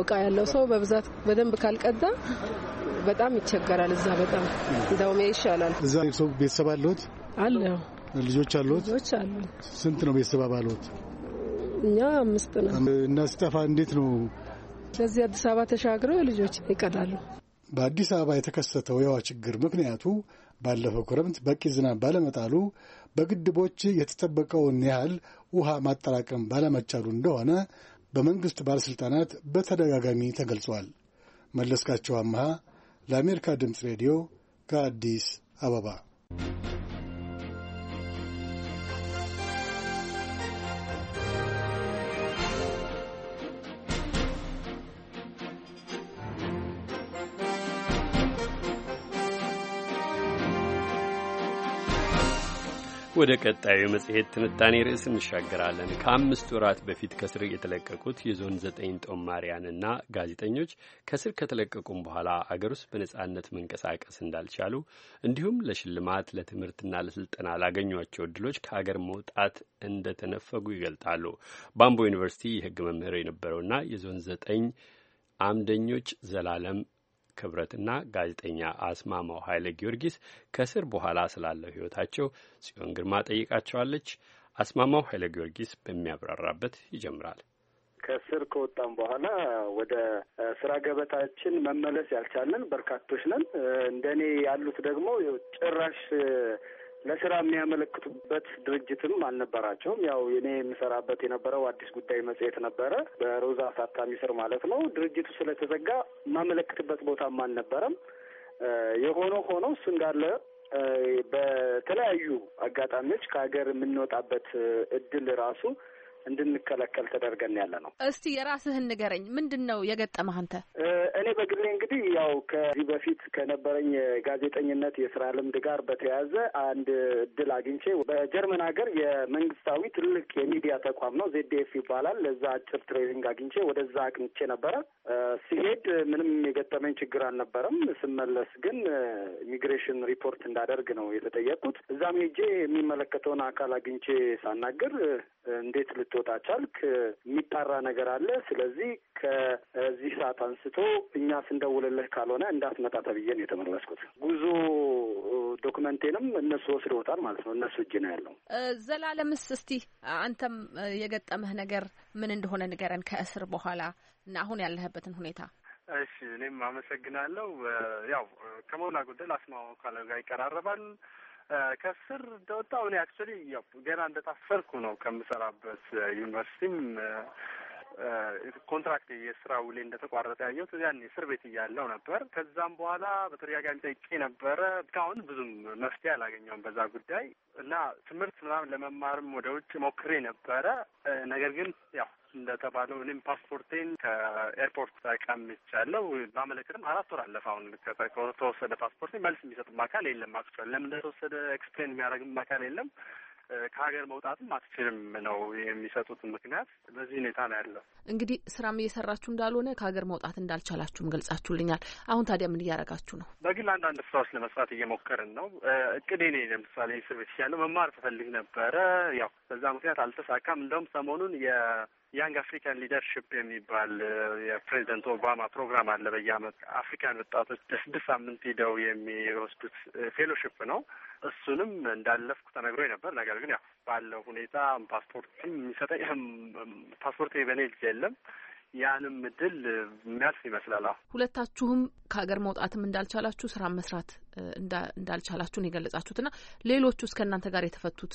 እቃ ያለው ሰው በብዛት በደንብ ካልቀዳ በጣም ይቸገራል። እዛ በጣም እንደውም ይሻላል። እዛ ሰው ቤተሰብ አለሁት ልጆች አሉት ልጆች አሉ። ስንት ነው ቤተሰብ አባሎት? እኛ አምስት ነው። እና ስጠፋ እንዴት ነው ስለዚህ አዲስ አበባ ተሻግረው ልጆች ይቀዳሉ። በአዲስ አበባ የተከሰተው የውሃ ችግር ምክንያቱ ባለፈው ክረምት በቂ ዝናብ ባለመጣሉ በግድቦች የተጠበቀውን ያህል ውሃ ማጠራቀም ባለመቻሉ እንደሆነ በመንግሥት ባለሥልጣናት በተደጋጋሚ ተገልጿል። መለስካቸው አመሃ ለአሜሪካ ድምፅ ሬዲዮ ከአዲስ አበባ ወደ ቀጣዩ መጽሔት ትንታኔ ርዕስ እንሻገራለን። ከአምስት ወራት በፊት ከስር የተለቀቁት የዞን ዘጠኝ ጦማሪያንና ጋዜጠኞች ከስር ከተለቀቁም በኋላ አገር ውስጥ በነጻነት መንቀሳቀስ እንዳልቻሉ እንዲሁም ለሽልማት ለትምህርትና ለስልጠና ላገኟቸው እድሎች ከአገር መውጣት እንደተነፈጉ ይገልጣሉ። ባምቦ ዩኒቨርሲቲ የሕግ መምህር የነበረውና የዞን ዘጠኝ አምደኞች ዘላለም ክብረትና ጋዜጠኛ አስማማው ኃይለ ጊዮርጊስ ከእስር በኋላ ስላለው ሕይወታቸው ጽዮን ግርማ ጠይቃቸዋለች። አስማማው ኃይለ ጊዮርጊስ በሚያብራራበት ይጀምራል። ከእስር ከወጣም በኋላ ወደ ስራ ገበታችን መመለስ ያልቻለን በርካቶች ነን። እንደኔ ያሉት ደግሞ ጭራሽ ለስራ የሚያመለክቱበት ድርጅትም አልነበራቸውም። ያው እኔ የምሰራበት የነበረው አዲስ ጉዳይ መጽሔት ነበረ፣ በሮዛ አሳታሚ ስር ማለት ነው። ድርጅቱ ስለተዘጋ የማመለክትበት ቦታም አልነበረም። የሆነ ሆኖ እሱ እንዳለ በተለያዩ አጋጣሚዎች ከሀገር የምንወጣበት እድል ራሱ እንድንከለከል ተደርገን ያለ ነው። እስቲ የራስህን ንገረኝ። ምንድን ነው የገጠመህ አንተ? እኔ በግሌ እንግዲህ ያው ከዚህ በፊት ከነበረኝ የጋዜጠኝነት የስራ ልምድ ጋር በተያያዘ አንድ እድል አግኝቼ በጀርመን ሀገር የመንግስታዊ ትልቅ የሚዲያ ተቋም ነው ዜድኤፍ ይባላል። ለዛ አጭር ትሬኒንግ አግኝቼ ወደዛ አቅንቼ ነበረ። ሲሄድ ምንም የገጠመኝ ችግር አልነበረም። ስመለስ ግን ኢሚግሬሽን ሪፖርት እንዳደርግ ነው የተጠየቅኩት። እዛም ሄጄ የሚመለከተውን አካል አግኝቼ ሳናግር እንዴት ልት ልትወጣ ቻልክ? የሚጣራ ነገር አለ። ስለዚህ ከዚህ ሰዓት አንስቶ እኛ ስንደውልልህ ካልሆነ እንዳትመጣ ተብዬ ነው የተመለስኩት። ጉዞ ዶክመንቴንም እነሱ ወስደውታል ማለት ነው። እነሱ እጅ ነው ያለው። ዘላለምስ፣ እስቲ አንተም የገጠመህ ነገር ምን እንደሆነ ንገረን፣ ከእስር በኋላ እና አሁን ያለህበትን ሁኔታ። እሺ፣ እኔም አመሰግናለው። ያው ከሞላ ጎደል አስማው ካለው ጋር ይቀራረባል። ከስር እንደወጣሁ እኔ አክቹዋሊ ያው ገና እንደታሰርኩ ነው ከምሰራበት ዩኒቨርሲቲም ኮንትራክት የስራ ውሌ እንደተቋረጠ ያየሁት ያኔ እስር ቤት እያለሁ ነበር። ከዛም በኋላ በተደጋጋሚ ጠይቄ ነበረ። እስካሁን ብዙም መፍትሄ አላገኘውም በዛ ጉዳይ እና ትምህርት ምናምን ለመማርም ወደ ውጭ ሞክሬ ነበረ። ነገር ግን ያው እንደተባለው እኔም ፓስፖርቴን ከኤርፖርት ቀምቻለሁ። ባመለከትም አራት ወር አለፈ። አሁን ከተወሰደ ፓስፖርቴ መልስ የሚሰጥም አካል የለም። አክቹዋሊ ለምን እንደተወሰደ ኤክስፕሌን የሚያደርግም አካል የለም። ከሀገር መውጣትም አትችልም ነው የሚሰጡት ምክንያት። በዚህ ሁኔታ ነው ያለው። እንግዲህ ስራም እየሰራችሁ እንዳልሆነ ከሀገር መውጣት እንዳልቻላችሁም ገልጻችሁልኛል። አሁን ታዲያ ምን እያደረጋችሁ ነው? በግል አንዳንድ ስራዎች ለመስራት እየሞከርን ነው። እቅዴ እኔ ለምሳሌ እስር ቤት እያለሁ መማር ትፈልግ ነበረ። ያው በዛ ምክንያት አልተሳካም። እንደውም ሰሞኑን የ ያንግ አፍሪካን ሊደርሽፕ የሚባል የፕሬዚደንት ኦባማ ፕሮግራም አለ። በየአመት አፍሪካን ወጣቶች ለስድስት ሳምንት ሂደው የሚወስዱት ፌሎሽፕ ነው። እሱንም እንዳለፍኩ ተነግሮኝ ነበር። ነገር ግን ያው ባለው ሁኔታ ፓስፖርትም የሚሰጠኝ ፓስፖርት በኔ እጅ የለም። ያንም እድል የሚያልፍ ይመስላል። አሁ ሁለታችሁም ከሀገር መውጣትም እንዳልቻላችሁ ስራ መስራት እንዳልቻላችሁን ና ሌሎቹ እስከ እናንተ ጋር የተፈቱት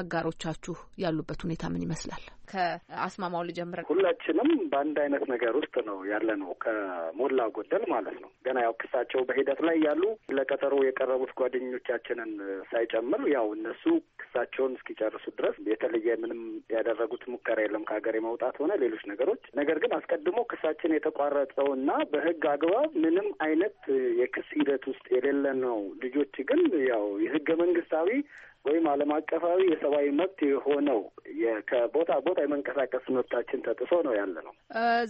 አጋሮቻችሁ ያሉበት ሁኔታ ምን ይመስላል? ከአስማማው ልጀምረ። ሁላችንም በአንድ አይነት ነገር ውስጥ ነው ያለ ነው ከሞላ ጎደል ማለት ነው። ገና ያው ክሳቸው በሂደት ላይ ያሉ ለቀጠሮ የቀረቡት ጓደኞቻችንን ሳይጨምር ያው እነሱ ክሳቸውን እስኪጨርሱ ድረስ የተለየ ምንም ያደረጉት ሙከራ የለም ከሀገር የመውጣት ሆነ ሌሎች ነገሮች። ነገር ግን አስቀድሞ ክሳችን እና በህግ አግባብ ምንም አይነት የክስ ሂደት ውስጥ የሌለ ነው። ልጆች ግን ያው የህገ መንግስታዊ ወይም ዓለም አቀፋዊ የሰብአዊ መብት የሆነው ከቦታ ቦታ የመንቀሳቀስ መብታችን ተጥሶ ነው ያለ ነው።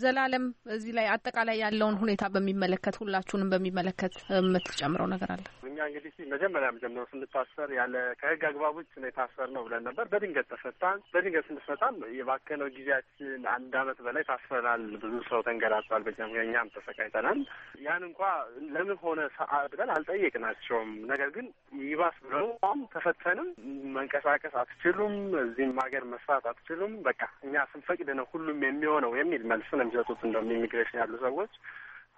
ዘላለም እዚህ ላይ አጠቃላይ ያለውን ሁኔታ በሚመለከት ሁላችሁንም በሚመለከት የምትጨምረው ነገር አለ? እኛ እንግዲህ መጀመሪያም ጀምሮ ስንታሰር ያለ ከህግ አግባብ ውጭ ነው የታሰር ነው ብለን ነበር። በድንገት ተፈታን። በድንገት ስንፈታም የባከነው ጊዜያችን አንድ አመት በላይ ታስፈናል። ብዙ ሰው ተንገላቷል። በዚያም ተሰቃይተናል። ያን እንኳ ለምን ሆነ ሰአ ብለን አልጠየቅናቸውም። ነገር ግን ይባስ ብለው ተፈተንም መንቀሳቀስ አትችሉም፣ እዚህም ሀገር መስራት አትችሉም፣ በቃ እኛ ስንፈቅድ ነው ሁሉም የሚሆነው የሚል መልስ ነው የሚሰጡት እንደውም ኢሚግሬሽን ያሉ ሰዎች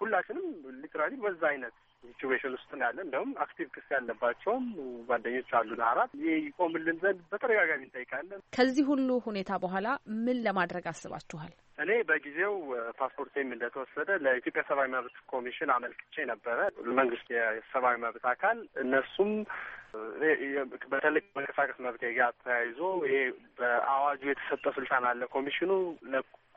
ሁላችንም ሊትራሊ በዛ አይነት ሲዌሽን ውስጥ ነው ያለ። እንደውም አክቲቭ ክስ ያለባቸውም ጓደኞች አሉ አራት ይህ ይቆምልን ዘንድ በተደጋጋሚ እንጠይቃለን። ከዚህ ሁሉ ሁኔታ በኋላ ምን ለማድረግ አስባችኋል? እኔ በጊዜው ፓስፖርቴም እንደተወሰደ ለኢትዮጵያ ሰብአዊ መብት ኮሚሽን አመልክቼ ነበረ። መንግስት የሰብአዊ መብት አካል እነሱም በተለይ መንቀሳቀስ መብት ጋር ተያይዞ ይሄ በአዋጁ የተሰጠ ስልጣን አለ ኮሚሽኑ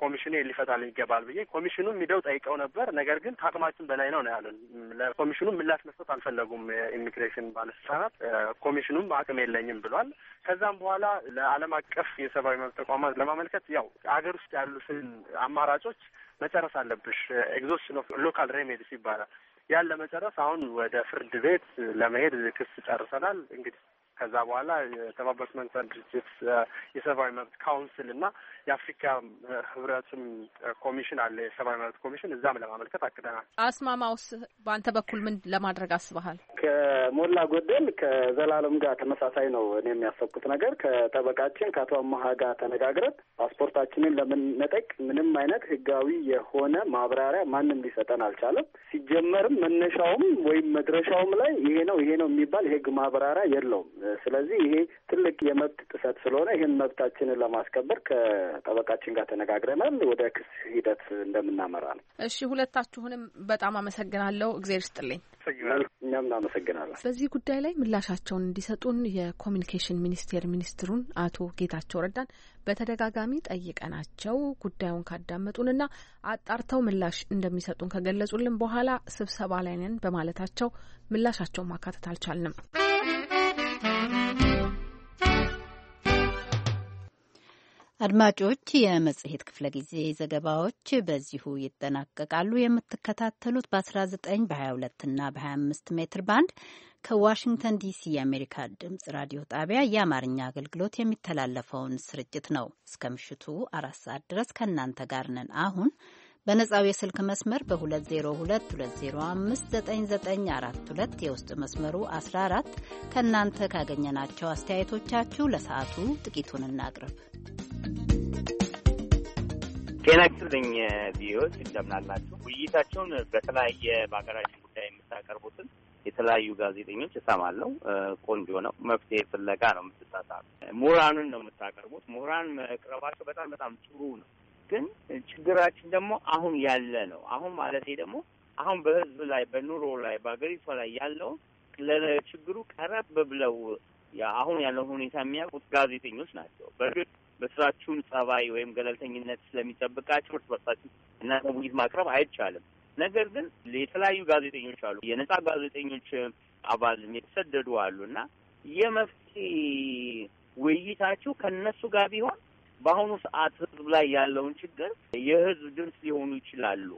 ኮሚሽኑ ሊፈታልን ይገባል ብዬ ኮሚሽኑ ሚደው ጠይቀው ነበር። ነገር ግን ከአቅማችን በላይ ነው ነው ያሉን። ለኮሚሽኑ ምላሽ መስጠት አልፈለጉም የኢሚግሬሽን ባለስልጣናት። ኮሚሽኑም አቅም የለኝም ብሏል። ከዛም በኋላ ለዓለም አቀፍ የሰብአዊ መብት ተቋማት ለማመልከት ያው አገር ውስጥ ያሉትን አማራጮች መጨረስ አለብሽ ኤግዞስሽን ኦፍ ሎካል ሬሜዲስ ይባላል ያን ለመጨረስ አሁን ወደ ፍርድ ቤት ለመሄድ ክስ ጨርሰናል። እንግዲህ ከዛ በኋላ የተባበሩት መንግስታት ድርጅት የሰብአዊ መብት ካውንስል እና የአፍሪካ ህብረትም ኮሚሽን አለ፣ የሰብአዊ መብት ኮሚሽን እዛም ለማመልከት አቅደናል። አስማማውስ በአንተ በኩል ምን ለማድረግ አስበሃል? ከሞላ ጎደል ከዘላለም ጋር ተመሳሳይ ነው። እኔ የሚያሰብኩት ነገር ከጠበቃችን ከአቶ አመሀ ጋር ተነጋግረን ፓስፖርታችንን ለመነጠቅ ምንም አይነት ህጋዊ የሆነ ማብራሪያ ማንም ሊሰጠን አልቻለም። ሲጀመርም መነሻውም ወይም መድረሻውም ላይ ይሄ ነው ይሄ ነው የሚባል የህግ ማብራሪያ የለውም። ስለዚህ ይሄ ትልቅ የመብት ጥሰት ስለሆነ ይህን መብታችንን ለማስከበር ከጠበቃችን ጋር ተነጋግረናል ወደ ክስ ሂደት እንደምናመራ ነው። እሺ፣ ሁለታችሁንም በጣም አመሰግናለሁ። እግዜር ስጥልኝ። እኛም እናመሰግናለን። በዚህ ጉዳይ ላይ ምላሻቸውን እንዲሰጡን የኮሚኒኬሽን ሚኒስቴር ሚኒስትሩን አቶ ጌታቸው ረዳን በተደጋጋሚ ጠይቀናቸው ጉዳዩን ካዳመጡንና አጣርተው ምላሽ እንደሚሰጡን ከገለጹልን በኋላ ስብሰባ ላይ ነን በማለታቸው ምላሻቸውን ማካተት አልቻልንም። አድማጮች የመጽሔት ክፍለ ጊዜ ዘገባዎች በዚሁ ይጠናቀቃሉ። የምትከታተሉት በ19 በ22 እና በ25 ሜትር ባንድ ከዋሽንግተን ዲሲ የአሜሪካ ድምጽ ራዲዮ ጣቢያ የአማርኛ አገልግሎት የሚተላለፈውን ስርጭት ነው። እስከ ምሽቱ አራት ሰዓት ድረስ ከእናንተ ጋር ነን። አሁን በነጻው የስልክ መስመር በ2022059942 የውስጥ መስመሩ 14 ከእናንተ ካገኘናቸው አስተያየቶቻችሁ ለሰዓቱ ጥቂቱን እናቅርብ። ጤና ይስጥልኝ ቪዎች እንደምናላችሁ። ውይይታቸውን በተለያየ በሀገራችን ጉዳይ የምታቀርቡትን የተለያዩ ጋዜጠኞች እሰማለሁ። ቆንጆ ነው። መፍትሄ ፍለጋ ነው የምትሳሳ ምሁራንን ነው የምታቀርቡት። ምሁራን መቅረባቸው በጣም በጣም ጥሩ ነው። ግን ችግራችን ደግሞ አሁን ያለ ነው። አሁን ማለት ደግሞ አሁን በህዝብ ላይ በኑሮ ላይ በሀገሪቷ ላይ ያለውን ለችግሩ ቀረብ ብለው አሁን ያለው ሁኔታ የሚያውቁት ጋዜጠኞች ናቸው። በእርግጥ በስራችሁን ጸባይ ወይም ገለልተኝነት ስለሚጠብቃቸው እርስ በርሳችሁ እናንተ ውይይት ማቅረብ አይቻልም። ነገር ግን የተለያዩ ጋዜጠኞች አሉ፣ የነጻ ጋዜጠኞች አባል የተሰደዱ አሉ እና የመፍትሄ ውይይታችሁ ከእነሱ ጋር ቢሆን በአሁኑ ሰዓት ህዝብ ላይ ያለውን ችግር የህዝብ ድምፅ ሊሆኑ ይችላሉ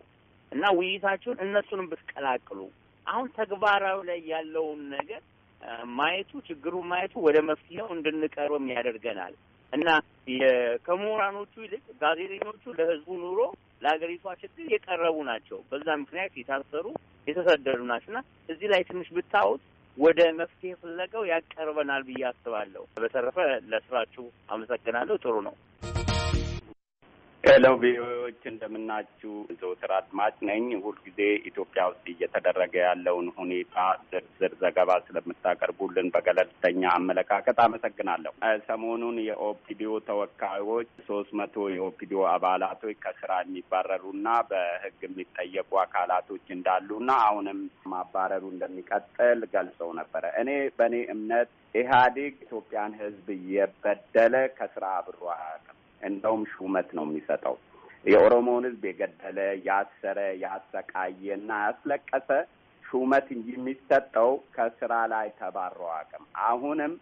እና ውይይታችሁን እነሱንም ብትቀላቅሉ አሁን ተግባራዊ ላይ ያለውን ነገር ማየቱ ችግሩ ማየቱ ወደ መፍትሄው እንድንቀርብም ያደርገናል እና ከምሁራኖቹ ይልቅ ጋዜጠኞቹ ለህዝቡ ኑሮ ለሀገሪቷ ችግር የቀረቡ ናቸው። በዛ ምክንያት የታሰሩ የተሰደዱ ናቸው እና እዚህ ላይ ትንሽ ብታዩት ወደ መፍትሄ ፍለጋው ያቀርበናል ብዬ አስባለሁ። በተረፈ ለስራችሁ አመሰግናለሁ። ጥሩ ነው። ሄሎ ቪዎች እንደምናችሁ። ዘወትር አድማጭ ነኝ። ሁልጊዜ ኢትዮጵያ ውስጥ እየተደረገ ያለውን ሁኔታ ዝርዝር ዘገባ ስለምታቀርቡልን በገለልተኛ አመለካከት አመሰግናለሁ። ሰሞኑን የኦፒዲዮ ተወካዮች ሶስት መቶ የኦፒዲዮ አባላቶች ከስራ የሚባረሩና በህግ የሚጠየቁ አካላቶች እንዳሉና አሁንም ማባረሩ እንደሚቀጥል ገልጸው ነበረ። እኔ በእኔ እምነት ኢህአዴግ ኢትዮጵያን ህዝብ እየበደለ ከስራ አብሯል እንደውም ሹመት ነው የሚሰጠው። የኦሮሞውን ህዝብ የገደለ ያሰረ፣ ያሰቃየ እና ያስለቀሰ ሹመት የሚሰጠው ከስራ ላይ ተባረው አቅም አሁንም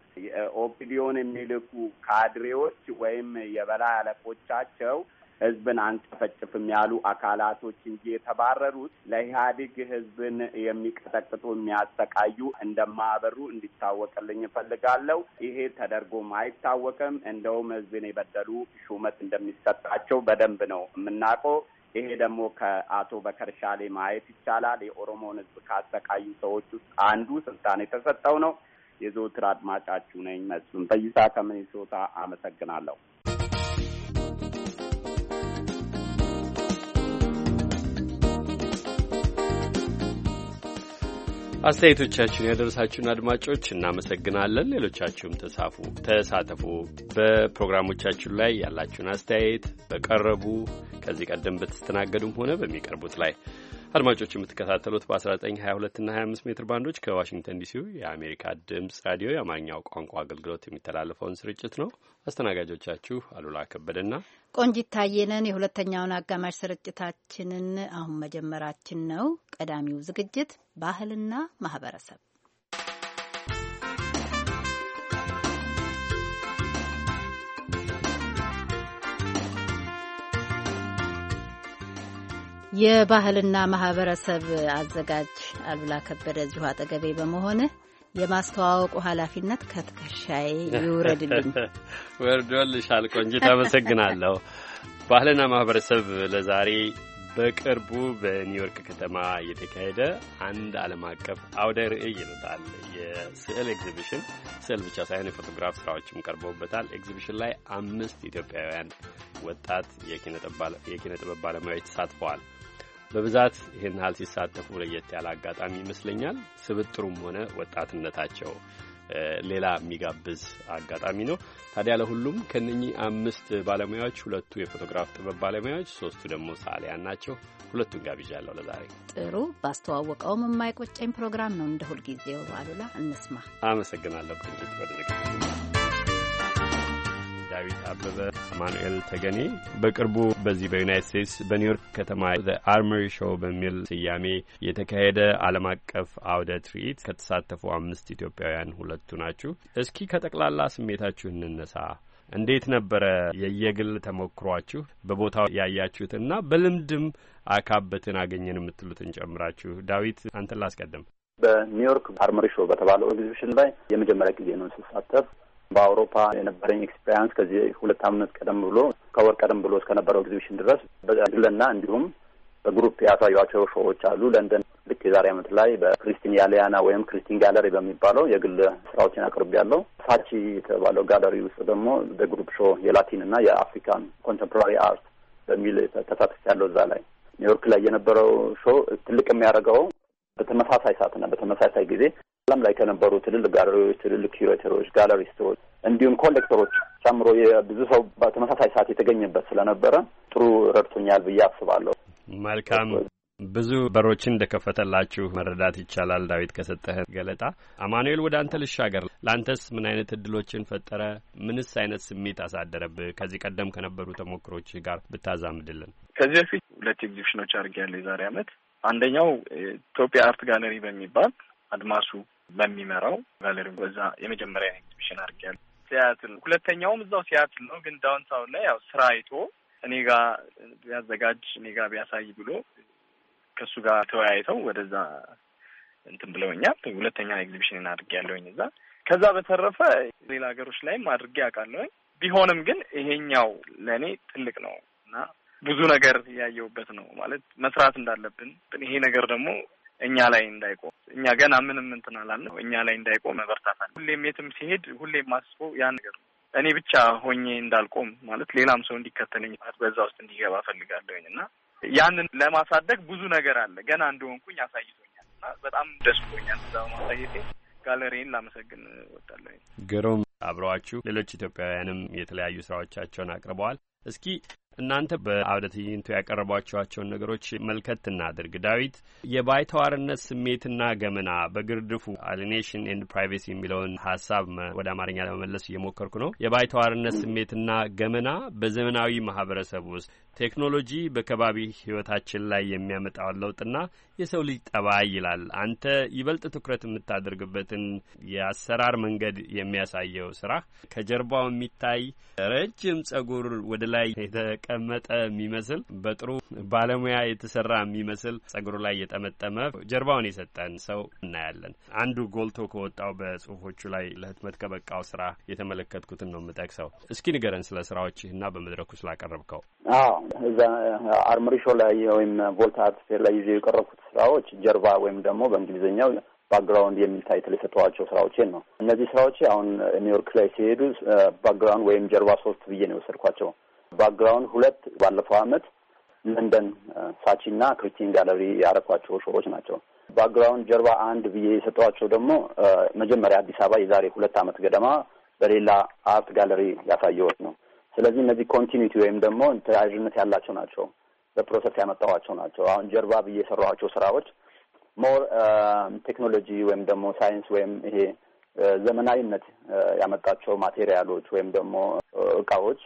ኦፒዲዮን የሚልኩ ካድሬዎች ወይም የበላይ አለቆቻቸው ህዝብን አንጨፈጭፍም ያሉ አካላቶች እንጂ የተባረሩት ለኢህአዴግ ህዝብን የሚቀጠቅጡ የሚያሰቃዩ እንደማያበሩ እንዲታወቅልኝ እፈልጋለሁ። ይሄ ተደርጎም አይታወቅም። እንደውም ህዝብን የበደሉ ሹመት እንደሚሰጣቸው በደንብ ነው የምናውቀው። ይሄ ደግሞ ከአቶ በከርሻሌ ማየት ይቻላል። የኦሮሞን ህዝብ ካሰቃዩ ሰዎች ውስጥ አንዱ ስልጣን የተሰጠው ነው። የዘወትር አድማጫችሁ ነኝ። መስፍን ፈይሳ ከሚኒሶታ አመሰግናለሁ። አስተያየቶቻችሁን ያደረሳችሁን አድማጮች እናመሰግናለን። ሌሎቻችሁም ተሳፉ ተሳተፉ። በፕሮግራሞቻችን ላይ ያላችሁን አስተያየት በቀረቡ ከዚህ ቀደም በተስተናገዱም ሆነ በሚቀርቡት ላይ አድማጮች የምትከታተሉት በ1922 እና 25 ሜትር ባንዶች ከዋሽንግተን ዲሲው የአሜሪካ ድምፅ ራዲዮ የአማርኛው ቋንቋ አገልግሎት የሚተላለፈውን ስርጭት ነው። አስተናጋጆቻችሁ አሉላ ከበደና ቆንጂት ታየነን። የሁለተኛውን አጋማሽ ስርጭታችንን አሁን መጀመራችን ነው። ቀዳሚው ዝግጅት ባህልና ማህበረሰብ የባህልና ማህበረሰብ አዘጋጅ አሉላ ከበደ እዚሁ አጠገቤ በመሆን የማስተዋወቁ ኃላፊነት ከትከሻዬ ይውረድልኝ። ወርዶልሻል። ቆንጂት አመሰግናለሁ። ባህልና ማህበረሰብ ለዛሬ በቅርቡ በኒውዮርክ ከተማ እየተካሄደ አንድ ዓለም አቀፍ አውደ ርዕይ ይሉታል የስዕል ኤግዚቢሽን፣ ስዕል ብቻ ሳይሆን የፎቶግራፍ ስራዎችም ቀርበውበታል። ኤግዚቢሽን ላይ አምስት ኢትዮጵያውያን ወጣት የኪነ ጥበብ ባለሙያዎች ተሳትፈዋል። በብዛት ይህን ያህል ሲሳተፉ ለየት ያለ አጋጣሚ ይመስለኛል። ስብጥሩም ሆነ ወጣትነታቸው ሌላ የሚጋብዝ አጋጣሚ ነው። ታዲያ ለሁሉም ከነኚህ አምስት ባለሙያዎች ሁለቱ የፎቶግራፍ ጥበብ ባለሙያዎች፣ ሶስቱ ደግሞ ሰዓሊያን ናቸው። ሁለቱን ጋብዣለሁ ለዛሬ። ጥሩ ባስተዋወቀውም የማይቆጨኝ ፕሮግራም ነው። እንደ ሁልጊዜው አሉላ እንስማ። አመሰግናለሁ። ቅንጅት ወደ ዳዊት አበበ፣ አማኑኤል ተገኔ በቅርቡ በዚህ በዩናይት ስቴትስ በኒውዮርክ ከተማ ዘ አርመሪ ሾው በሚል ስያሜ የተካሄደ ዓለም አቀፍ አውደ ትርኢት ከተሳተፉ አምስት ኢትዮጵያውያን ሁለቱ ናችሁ። እስኪ ከጠቅላላ ስሜታችሁ እንነሳ። እንዴት ነበረ የየግል ተሞክሯችሁ? በቦታው ያያችሁትና በልምድም አካበትን አገኘን የምትሉትን ጨምራችሁ። ዳዊት አንተን ላስቀድም። በኒውዮርክ አርመሪ ሾው በተባለው ኤግዚቢሽን ላይ የመጀመሪያ ጊዜ ነው ስሳተፍ። በአውሮፓ የነበረኝ ኤክስፔሪንስ ከዚህ ሁለት አመት ቀደም ብሎ ከወር ቀደም ብሎ እስከነበረው ኤግዚቢሽን ድረስ በግልና እንዲሁም በግሩፕ ያሳዩቸው ሾዎች አሉ። ለንደን ልክ የዛሬ ዓመት ላይ በክሪስቲን ያሊያና ወይም ክሪስቲን ጋለሪ በሚባለው የግል ስራዎችን አቅርብ ያለው ሳቺ የተባለው ጋለሪ ውስጥ ደግሞ በግሩፕ ሾ የላቲንና የአፍሪካን ኮንቴምፖራሪ አርት በሚል ተሳትፍ ያለው እዛ ላይ ኒውዮርክ ላይ የነበረው ሾ ትልቅ የሚያደርገው በተመሳሳይ ሰዓትና በተመሳሳይ ጊዜ ዓለም ላይ ከነበሩ ትልልቅ ጋለሪዎች፣ ትልልቅ ኩሬተሮች፣ ጋለሪስቶች እንዲሁም ኮሌክተሮች ጨምሮ የብዙ ሰው በተመሳሳይ ሰዓት የተገኘበት ስለነበረ ጥሩ ረድቶኛል ብዬ አስባለሁ። መልካም ብዙ በሮችን እንደከፈተላችሁ መረዳት ይቻላል። ዳዊት ከሰጠህ ገለጣ አማኑኤል፣ ወደ አንተ ልሻገር። ለአንተስ ምን አይነት እድሎችን ፈጠረ? ምንስ አይነት ስሜት አሳደረብህ? ከዚህ ቀደም ከነበሩ ተሞክሮች ጋር ብታዛምድልን። ከዚህ በፊት ሁለት ኤግዚቢሽኖች አድርጌያለሁ የዛሬ አመት። አንደኛው ኢትዮጵያ አርት ጋለሪ በሚባል አድማሱ በሚመራው ቫሌሪ በዛ የመጀመሪያ ኤግዚቢሽን አድርጌያለሁ። ሲያትል ሁለተኛውም እዛው ሲያትል ነው፣ ግን ዳውንታውን ላይ ያው ስራ አይቶ እኔ ጋር ቢያዘጋጅ እኔ ጋር ቢያሳይ ብሎ ከእሱ ጋር ተወያይተው ወደዛ እንትን ብለውኛል። ሁለተኛ ኤግዚቢሽን አድርጌያለሁኝ እዛ። ከዛ በተረፈ ሌላ ሀገሮች ላይም አድርጌ አውቃለሁኝ። ቢሆንም ግን ይሄኛው ለእኔ ትልቅ ነው እና ብዙ ነገር ያየሁበት ነው ማለት መስራት እንዳለብን ይሄ ነገር ደግሞ እኛ ላይ እንዳይቆም እኛ ገና ምንም እንትን አላልነው እኛ ላይ እንዳይቆም መበርታታ ሁሌም የትም ሲሄድ ሁሌም ማስበው ያ ነገር ነው። እኔ ብቻ ሆኜ እንዳልቆም ማለት ሌላም ሰው እንዲከተለኝ በዛ ውስጥ እንዲገባ ፈልጋለሁኝ እና ያንን ለማሳደግ ብዙ ነገር አለ። ገና እንደሆንኩኝ አሳይቶኛል እና በጣም ደስ ብሎኛል እዛ በማሳየቴ ጋለሪን ላመሰግን ወጣለኝ ግሩም አብረዋችሁ ሌሎች ኢትዮጵያውያንም የተለያዩ ስራዎቻቸውን አቅርበዋል። እስኪ እናንተ በአውደ ትዕይንቱ ያቀረቧቸዋቸውን ነገሮች መልከት እናድርግ። ዳዊት የባይተዋርነት ስሜትና ገመና በግርድፉ አሊኔሽን ኤንድ ፕራይቬሲ የሚለውን ሀሳብ ወደ አማርኛ ለመመለስ እየሞከርኩ ነው። የባይተዋርነት ስሜትና ገመና በዘመናዊ ማህበረሰብ ውስጥ ቴክኖሎጂ በከባቢ ህይወታችን ላይ የሚያመጣውን ለውጥና የሰው ልጅ ጠባይ ይላል። አንተ ይበልጥ ትኩረት የምታደርግበትን የአሰራር መንገድ የሚያሳየው ስራ ከጀርባው የሚታይ ረጅም ጸጉር ወደ ላይ የተቀመጠ የሚመስል በጥሩ ባለሙያ የተሰራ የሚመስል ጸጉሩ ላይ የጠመጠመ ጀርባውን የሰጠን ሰው እናያለን። አንዱ ጎልቶ ከወጣው በጽሁፎቹ ላይ ለህትመት ከበቃው ስራ የተመለከትኩትን ነው የምጠቅሰው። እስኪ ንገረን ስለ ስራዎችህና በመድረኩ ስላቀረብከው። አዎ እዛ አርምሪሾ ላይ ወይም ቮልታ አርት ፌር ላይ ይዤ የቀረብኩት ስራዎች ጀርባ ወይም ደግሞ በእንግሊዝኛው ባክግራውንድ የሚል ታይትል የሰጠዋቸው ስራዎቼን ነው። እነዚህ ስራዎቼ አሁን ኒውዮርክ ላይ ሲሄዱ ባክግራውንድ ወይም ጀርባ ሶስት ብዬ ነው የወሰድኳቸው። ባክግራውንድ ሁለት ባለፈው አመት ለንደን ሳቺ እና ክሪስቲን ጋለሪ ያረኳቸው ሾዎች ናቸው። ባክግራውንድ ጀርባ አንድ ብዬ የሰጠዋቸው ደግሞ መጀመሪያ አዲስ አበባ የዛሬ ሁለት አመት ገደማ በሌላ አርት ጋለሪ ያሳየሁት ነው። ስለዚህ እነዚህ ኮንቲኒቲ ወይም ደግሞ ተያያዥነት ያላቸው ናቸው። በፕሮሰስ ያመጣኋቸው ናቸው። አሁን ጀርባ ብዬ የሰራኋቸው ስራዎች ሞር ቴክኖሎጂ ወይም ደግሞ ሳይንስ ወይም ይሄ ዘመናዊነት ያመጣቸው ማቴሪያሎች ወይም ደግሞ እቃዎች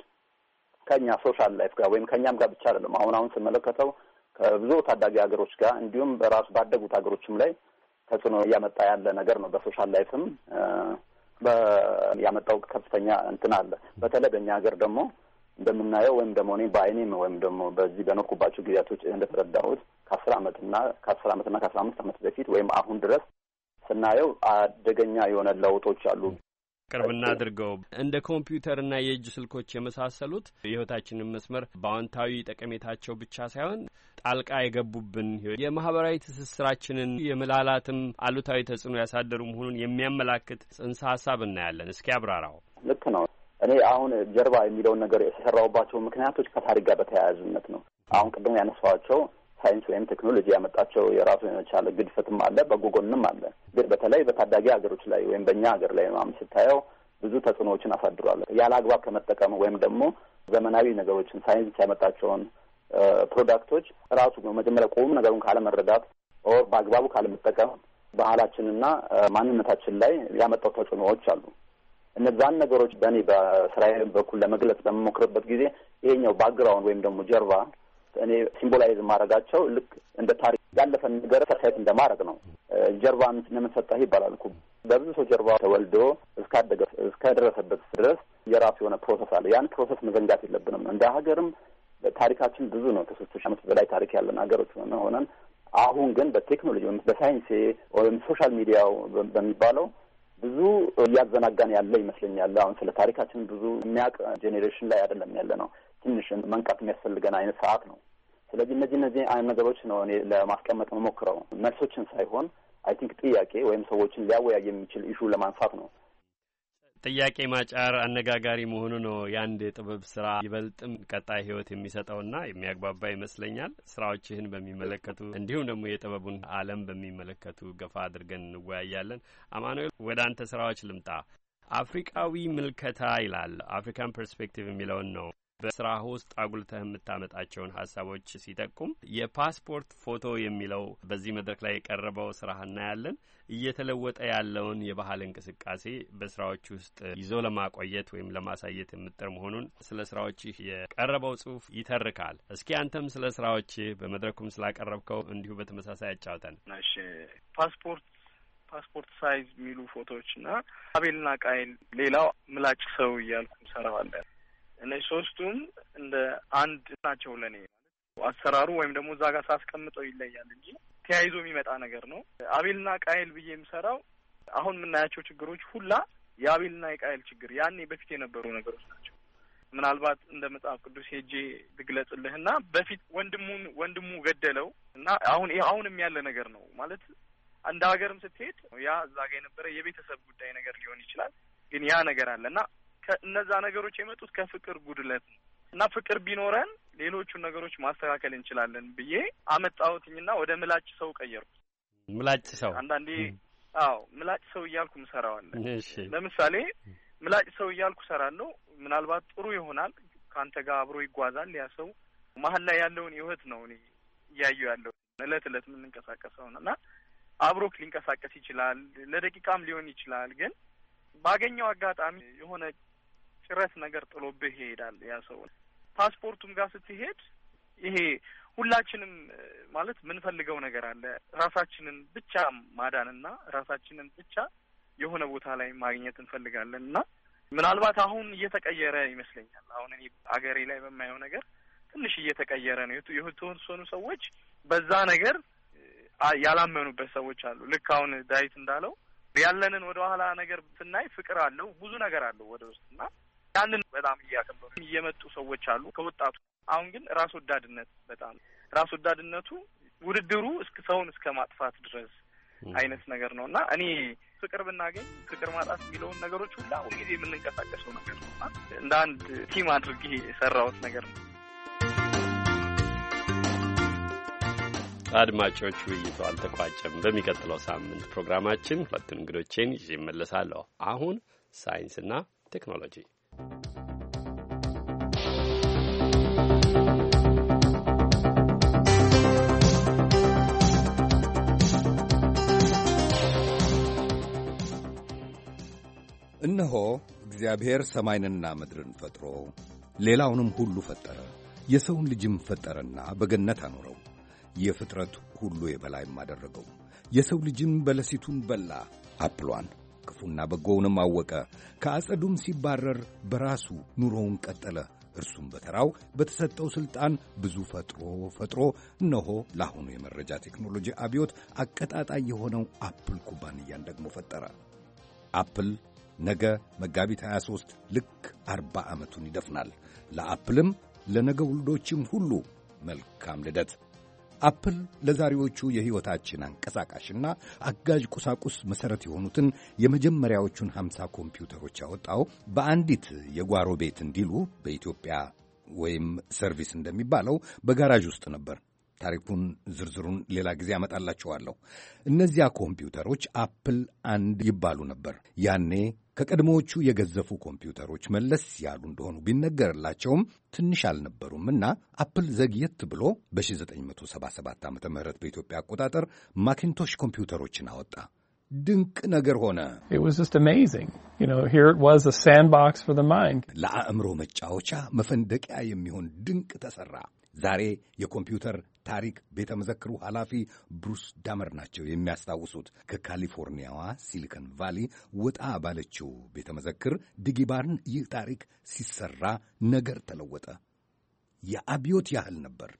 ከኛ ሶሻል ላይፍ ጋር ወይም ከእኛም ጋር ብቻ አይደለም። አሁን አሁን ስመለከተው ከብዙ ታዳጊ ሀገሮች ጋር እንዲሁም በራሱ ባደጉት ሀገሮችም ላይ ተጽዕኖ እያመጣ ያለ ነገር ነው። በሶሻል ላይፍም ያመጣው ከፍተኛ እንትን አለ። በተለይ በእኛ ሀገር ደግሞ እንደምናየው ወይም ደግሞ እኔ በአይኔም ወይም ደግሞ በዚህ በኖርኩባቸው ጊዜያቶች እንደተረዳሁት ከአስር አመትና ከአስር አመትና ከአስራ አምስት አመት በፊት ወይም አሁን ድረስ ስናየው አደገኛ የሆነ ለውጦች አሉ። ቅርብና አድርገው እንደ ኮምፒውተርና የእጅ ስልኮች የመሳሰሉት የህይወታችንን መስመር በአዎንታዊ ጠቀሜታቸው ብቻ ሳይሆን ጣልቃ የገቡብን የማህበራዊ ትስስራችንን የመላላትም አሉታዊ ተጽዕኖ ያሳደሩ መሆኑን የሚያመላክት ጽንሰ ሀሳብ እናያለን። እስኪ አብራራው። ልክ ነው። እኔ አሁን ጀርባ የሚለውን ነገር የተሰራውባቸው ምክንያቶች ከታሪክ ጋር በተያያዙነት ነው። አሁን ቅድም ያነሳዋቸው ሳይንስ ወይም ቴክኖሎጂ ያመጣቸው የራሱ የቻለ ግድፈትም አለ፣ በጎ ጎንም አለ። ግን በተለይ በታዳጊ ሀገሮች ላይ ወይም በእኛ ሀገር ላይ ማም ስታየው ብዙ ተጽዕኖዎችን አሳድሯል። ያለ አግባብ ከመጠቀም ወይም ደግሞ ዘመናዊ ነገሮችን ሳይንስ ያመጣቸውን ፕሮዳክቶች ራሱ መጀመሪያ ቆሙ ነገሩን ካለመረዳት ኦር በአግባቡ ካለመጠቀም ባህላችንና ማንነታችን ላይ ያመጣው ተጽዕኖዎች አሉ። እነዛን ነገሮች በእኔ በስራዬ በኩል ለመግለጽ በምሞክርበት ጊዜ ይሄኛው ባክግራውንድ ወይም ደግሞ ጀርባ እኔ ሲምቦላይዝ ማድረጋቸው ልክ እንደ ታሪክ ያለፈን ነገር ተሳይት እንደማድረግ ነው። ጀርባ ለመሰጠህ ይባላል በብዙ ሰው ጀርባ ተወልዶ እስካደገ እስከደረሰበት ድረስ የራሱ የሆነ ፕሮሰስ አለ። ያን ፕሮሰስ መዘንጋት የለብንም። እንደ ሀገርም ታሪካችን ብዙ ነው። ከሶስት ሺህ ዓመት በላይ ታሪክ ያለን ሀገሮች ሆነን አሁን ግን በቴክኖሎጂ ወይም በሳይንስ ወይም ሶሻል ሚዲያው በሚባለው ብዙ እያዘናጋን ያለ ይመስለኛል። አሁን ስለ ታሪካችን ብዙ የሚያውቅ ጄኔሬሽን ላይ አይደለም ያለ ነው። ትንሽ መንቃት የሚያስፈልገን አይነት ሰዓት ነው። ስለዚህ እነዚህ እነዚህ ነገሮች ነው እኔ ለማስቀመጥ መሞክረው መልሶችን ሳይሆን አይ ቲንክ ጥያቄ ወይም ሰዎችን ሊያወያይ የሚችል ኢሹ ለማንሳት ነው። ጥያቄ ማጫር አነጋጋሪ መሆኑ ነው የአንድ የጥበብ ስራ ይበልጥም ቀጣይ ህይወት የሚሰጠውና የሚያግባባ ይመስለኛል። ስራዎችህን በሚመለከቱ እንዲሁም ደግሞ የጥበቡን ዓለም በሚመለከቱ ገፋ አድርገን እንወያያለን። አማኑኤል ወደ አንተ ስራዎች ልምጣ። አፍሪቃዊ ምልከታ ይላል አፍሪካን ፐርስፔክቲቭ የሚለውን ነው በስራ ውስጥ አጉልተህ የምታመጣቸውን ሀሳቦች ሲጠቁም የፓስፖርት ፎቶ የሚለው በዚህ መድረክ ላይ የቀረበው ስራህ እናያለን። እየተለወጠ ያለውን የባህል እንቅስቃሴ በስራዎች ውስጥ ይዞ ለማቆየት ወይም ለማሳየት የምጥር መሆኑን ስለ ስራዎችህ የቀረበው ጽሁፍ ይተርካል። እስኪ አንተም ስለ ስራዎችህ በመድረኩም ስላቀረብከው እንዲሁ በተመሳሳይ አጫውተን። እሺ ፓስፖርት ፓስፖርት ሳይዝ የሚሉ ፎቶዎች እና አቤልና ቃይል ሌላው ምላጭ ሰው እያልኩ ሰራዋለን እነዚህ ሶስቱም እንደ አንድ ናቸው ለእኔ ማለት አሰራሩ ወይም ደግሞ እዛ ጋር ሳስቀምጠው ይለያል እንጂ ተያይዞ የሚመጣ ነገር ነው። አቤልና ቃይል ብዬ የምሰራው አሁን የምናያቸው ችግሮች ሁላ የአቤልና የቃይል ችግር ያኔ በፊት የነበሩ ነገሮች ናቸው። ምናልባት እንደ መጽሐፍ ቅዱስ ሄጄ ልግለጽልህና በፊት ወንድሙን ወንድሙ ገደለው እና አሁን ይህ አሁንም ያለ ነገር ነው ማለት እንደ ሀገርም ስትሄድ ያ እዛ ጋ የነበረ የቤተሰብ ጉዳይ ነገር ሊሆን ይችላል። ግን ያ ነገር አለ እና እነዛ ነገሮች የመጡት ከፍቅር ጉድለት እና ፍቅር ቢኖረን ሌሎቹን ነገሮች ማስተካከል እንችላለን ብዬ አመጣሁትኝና ወደ ምላጭ ሰው ቀየርኩ። ምላጭ ሰው አንዳንዴ አዎ ምላጭ ሰው እያልኩ ምሰራዋለን። ለምሳሌ ምላጭ ሰው እያልኩ ሰራለሁ። ምናልባት ጥሩ ይሆናል፣ ከአንተ ጋር አብሮ ይጓዛል ያ ሰው። መሀል ላይ ያለውን ህይወት ነው እኔ እያዩ ያለው እለት እለት ነው እና አብሮክ ሊንቀሳቀስ ይችላል፣ ለደቂቃም ሊሆን ይችላል። ግን ባገኘው አጋጣሚ የሆነ ጭረት ነገር ጥሎብህ ይሄዳል ያ ሰው። ፓስፖርቱም ጋር ስትሄድ ይሄ ሁላችንም ማለት የምንፈልገው ነገር አለ። ራሳችንን ብቻ ማዳንና ራሳችንን ብቻ የሆነ ቦታ ላይ ማግኘት እንፈልጋለን እና ምናልባት አሁን እየተቀየረ ይመስለኛል። አሁን እኔ አገሬ ላይ በማየው ነገር ትንሽ እየተቀየረ ነው። የተወሰኑ ሰዎች በዛ ነገር ያላመኑበት ሰዎች አሉ። ልክ አሁን ዳዊት እንዳለው ያለንን ወደ ኋላ ነገር ስናይ ፍቅር አለው ብዙ ነገር አለው ወደ ውስጥ እና ያንን በጣም እያከበሩ እየመጡ ሰዎች አሉ ከወጣቱ። አሁን ግን ራስ ወዳድነት በጣም ራስ ወዳድነቱ ውድድሩ እስከ ሰውን እስከ ማጥፋት ድረስ አይነት ነገር ነው እና እኔ ፍቅር ብናገኝ ፍቅር ማጣት የሚለውን ነገሮች ሁላ ሁልጊዜ የምንንቀሳቀሰው ነገር ነው እና እንደ አንድ ቲም አድርጌ የሰራሁት ነገር ነው። አድማጮች፣ ውይይቱ አልተቋጨም። በሚቀጥለው ሳምንት ፕሮግራማችን ሁለቱን እንግዶቼን ይዤ እመለሳለሁ። አሁን ሳይንስና ቴክኖሎጂ እነሆ እግዚአብሔር ሰማይንና ምድርን ፈጥሮ ሌላውንም ሁሉ ፈጠረ። የሰውን ልጅም ፈጠረና በገነት አኖረው። የፍጥረት ሁሉ የበላይም አደረገው። የሰው ልጅም በለሲቱን በላ አፕሏን ገፉና በጎውንም አወቀ። ከአጸዱም ሲባረር በራሱ ኑሮውን ቀጠለ። እርሱም በተራው በተሰጠው ሥልጣን ብዙ ፈጥሮ ፈጥሮ እነሆ ለአሁኑ የመረጃ ቴክኖሎጂ አብዮት አቀጣጣይ የሆነው አፕል ኩባንያን ደግሞ ፈጠረ። አፕል ነገ መጋቢት 23 ልክ 40 ዓመቱን ይደፍናል። ለአፕልም ለነገ ውልዶችም ሁሉ መልካም ልደት። አፕል ለዛሬዎቹ የሕይወታችን አንቀሳቃሽና አጋዥ ቁሳቁስ መሠረት የሆኑትን የመጀመሪያዎቹን ሀምሳ ኮምፒውተሮች ያወጣው በአንዲት የጓሮ ቤት እንዲሉ በኢትዮጵያ ወይም ሰርቪስ እንደሚባለው በጋራዥ ውስጥ ነበር። ታሪኩን ዝርዝሩን ሌላ ጊዜ አመጣላችኋለሁ። እነዚያ ኮምፒውተሮች አፕል አንድ ይባሉ ነበር ያኔ ከቀድሞዎቹ የገዘፉ ኮምፒውተሮች መለስ ያሉ እንደሆኑ ቢነገርላቸውም ትንሽ አልነበሩም እና አፕል ዘግየት ብሎ በ1977 ዓ ም በኢትዮጵያ አቆጣጠር ማኪንቶሽ ኮምፒውተሮችን አወጣ። ድንቅ ነገር ሆነ። ለአእምሮ መጫወቻ መፈንደቂያ የሚሆን ድንቅ ተሠራ። ዛሬ የኮምፒውተር ታሪክ ቤተ መዘክሩ ኃላፊ ብሩስ ዳመር ናቸው የሚያስታውሱት። ከካሊፎርኒያዋ ሲሊከን ቫሊ ወጣ ባለችው ቤተ መዘክር ድጊባርን ባርን ይህ ታሪክ ሲሰራ ነገር ተለወጠ። የአብዮት ያህል ነበር።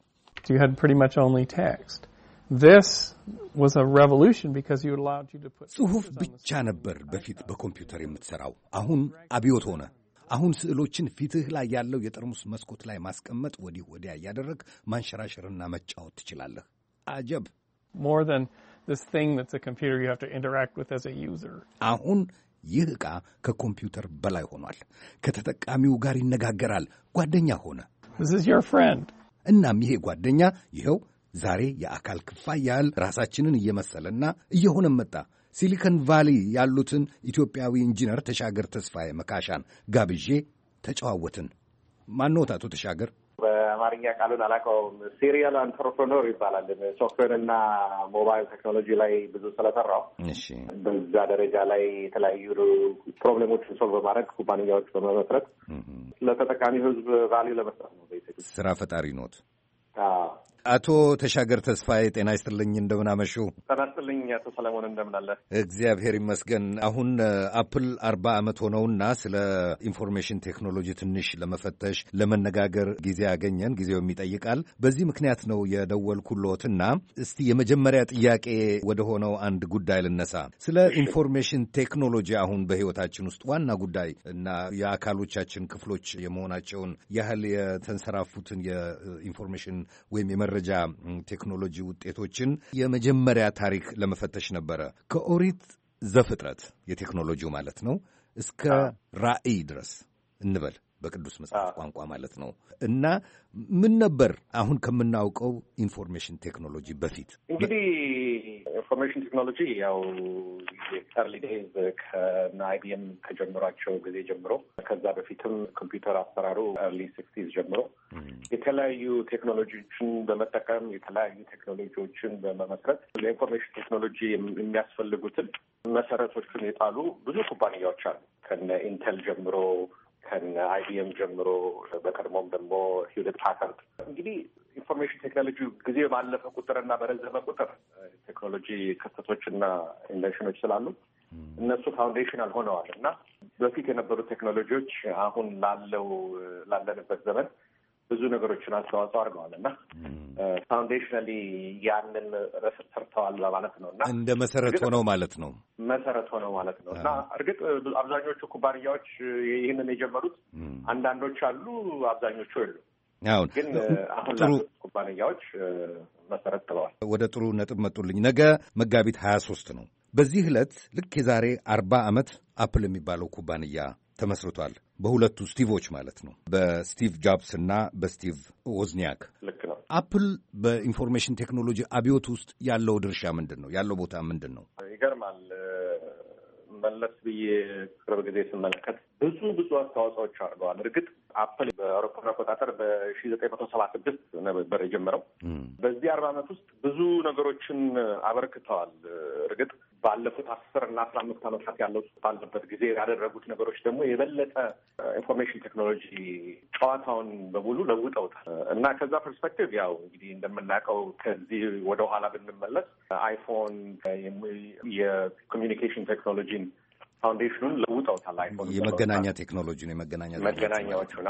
ጽሑፍ ብቻ ነበር በፊት በኮምፒውተር የምትሠራው። አሁን አብዮት ሆነ። አሁን ስዕሎችን ፊትህ ላይ ያለው የጠርሙስ መስኮት ላይ ማስቀመጥ ወዲህ ወዲያ እያደረግ ማንሸራሸርና መጫወት ትችላለህ። አጀብ! አሁን ይህ ዕቃ ከኮምፒውተር በላይ ሆኗል። ከተጠቃሚው ጋር ይነጋገራል። ጓደኛ ሆነ። እናም ይሄ ጓደኛ ይኸው ዛሬ የአካል ክፋይ ያህል ራሳችንን እየመሰለና እየሆነም መጣ። ሲሊከን ቫሊ ያሉትን ኢትዮጵያዊ ኢንጂነር ተሻገር ተስፋዬ መካሻን ጋብዤ ተጨዋወትን። ማንዎት አቶ ተሻገር? በአማርኛ ቃሉን አላውቀውም። ሲሪያል አንትርፕረኖር ይባላል። ሶፍትዌር እና ሞባይል ቴክኖሎጂ ላይ ብዙ ስለሰራው በዛ ደረጃ ላይ የተለያዩ ፕሮብሌሞችን ሶልቭ በማድረግ ኩባንያዎች በመመስረት ለተጠቃሚ ሕዝብ ቫሊዩ ለመስጠት ነው። ስራ ፈጣሪ ኖት። አቶ ተሻገር ተስፋዬ ጤና ይስጥልኝ፣ እንደምን አመሹ? ጤና ይስጥልኝ አቶ ሰለሞን እንደምን አለ? እግዚአብሔር ይመስገን። አሁን አፕል አርባ ዓመት ሆነውና ስለ ኢንፎርሜሽን ቴክኖሎጂ ትንሽ ለመፈተሽ ለመነጋገር ጊዜ ያገኘን ጊዜውም ይጠይቃል። በዚህ ምክንያት ነው የደወልኩሎትና እስቲ የመጀመሪያ ጥያቄ ወደ ሆነው አንድ ጉዳይ ልነሳ። ስለ ኢንፎርሜሽን ቴክኖሎጂ አሁን በህይወታችን ውስጥ ዋና ጉዳይ እና የአካሎቻችን ክፍሎች የመሆናቸውን ያህል የተንሰራፉትን የኢንፎርሜሽን ወይም የመረ መረጃ ቴክኖሎጂ ውጤቶችን የመጀመሪያ ታሪክ ለመፈተሽ ነበረ። ከኦሪት ዘፍጥረት የቴክኖሎጂው ማለት ነው እስከ ራእይ ድረስ እንበል በቅዱስ መጽሐፍ ቋንቋ ማለት ነው። እና ምን ነበር አሁን ከምናውቀው ኢንፎርሜሽን ቴክኖሎጂ በፊት እንግዲህ ኢንፎርሜሽን ቴክኖሎጂ ያው የኤርሊ ዴይዝ ከና አይቢኤም ከጀምሯቸው ጊዜ ጀምሮ ከዛ በፊትም ኮምፒውተር አሰራሩ ኤርሊ ሲክስቲዝ ጀምሮ የተለያዩ ቴክኖሎጂዎችን በመጠቀም የተለያዩ ቴክኖሎጂዎችን በመመስረት ለኢንፎርሜሽን ቴክኖሎጂ የሚያስፈልጉትን መሰረቶችን የጣሉ ብዙ ኩባንያዎች አሉ ከነ ኢንተል ጀምሮ ከነ አይቢኤም ጀምሮ በቀድሞም ደግሞ ሂውሌት ፓካርድ እንግዲህ ኢንፎርሜሽን ቴክኖሎጂ ጊዜ ባለፈ ቁጥርና በረዘመ ቁጥር ቴክኖሎጂ ክፍተቶችና ኢንቨንሽኖች ስላሉ እነሱ ፋውንዴሽናል ሆነዋል እና በፊት የነበሩ ቴክኖሎጂዎች አሁን ላለው ላለንበት ዘመን ብዙ ነገሮችን አስተዋጽኦ አድርገዋል እና ፋውንዴሽናሊ ያንን ሰርተዋል ለማለት ነው እና እንደ መሰረት ሆነው ማለት ነው መሰረት ሆነው ማለት ነው እና እርግጥ አብዛኞቹ ኩባንያዎች ይህንን የጀመሩት አንዳንዶች አሉ፣ አብዛኞቹ የሉ አሁን ግን አሁን ኩባንያዎች መሰረት ጥለዋል። ወደ ጥሩ ነጥብ መጡልኝ። ነገ መጋቢት ሀያ ሶስት ነው። በዚህ ዕለት ልክ የዛሬ አርባ ዓመት አፕል የሚባለው ኩባንያ ተመስርቷል። በሁለቱ ስቲቮች ማለት ነው፣ በስቲቭ ጃብስ እና በስቲቭ ዎዝኒያክ። ልክ ነው። አፕል በኢንፎርሜሽን ቴክኖሎጂ አብዮት ውስጥ ያለው ድርሻ ምንድን ነው? ያለው ቦታ ምንድን ነው? ይገርማል። መለስ ብዬ ቅርብ ጊዜ ስመለከት ብዙ ብዙ አስተዋጽኦዎች አድርገዋል። እርግጥ አፕል በአውሮፓውያን አቆጣጠር በሺ ዘጠኝ መቶ ሰባ ስድስት ነበር የጀመረው። በዚህ አርባ ዓመት ውስጥ ብዙ ነገሮችን አበርክተዋል። እርግጥ ባለፉት አስር እና አስራ አምስት ዓመታት ያለው ባለበት ጊዜ ያደረጉት ነገሮች ደግሞ የበለጠ ኢንፎርሜሽን ቴክኖሎጂ ጨዋታውን በሙሉ ለውጠውታል እና ከዛ ፐርስፔክቲቭ ያው እንግዲህ እንደምናውቀው ከዚህ ወደኋላ ብንመለስ አይፎን የኮሚኒኬሽን ቴክኖሎጂን ፋውንዴሽኑን ለውጠውታል። አይፎን የመገናኛ ነው። የመገናኛ መገናኛዎቹን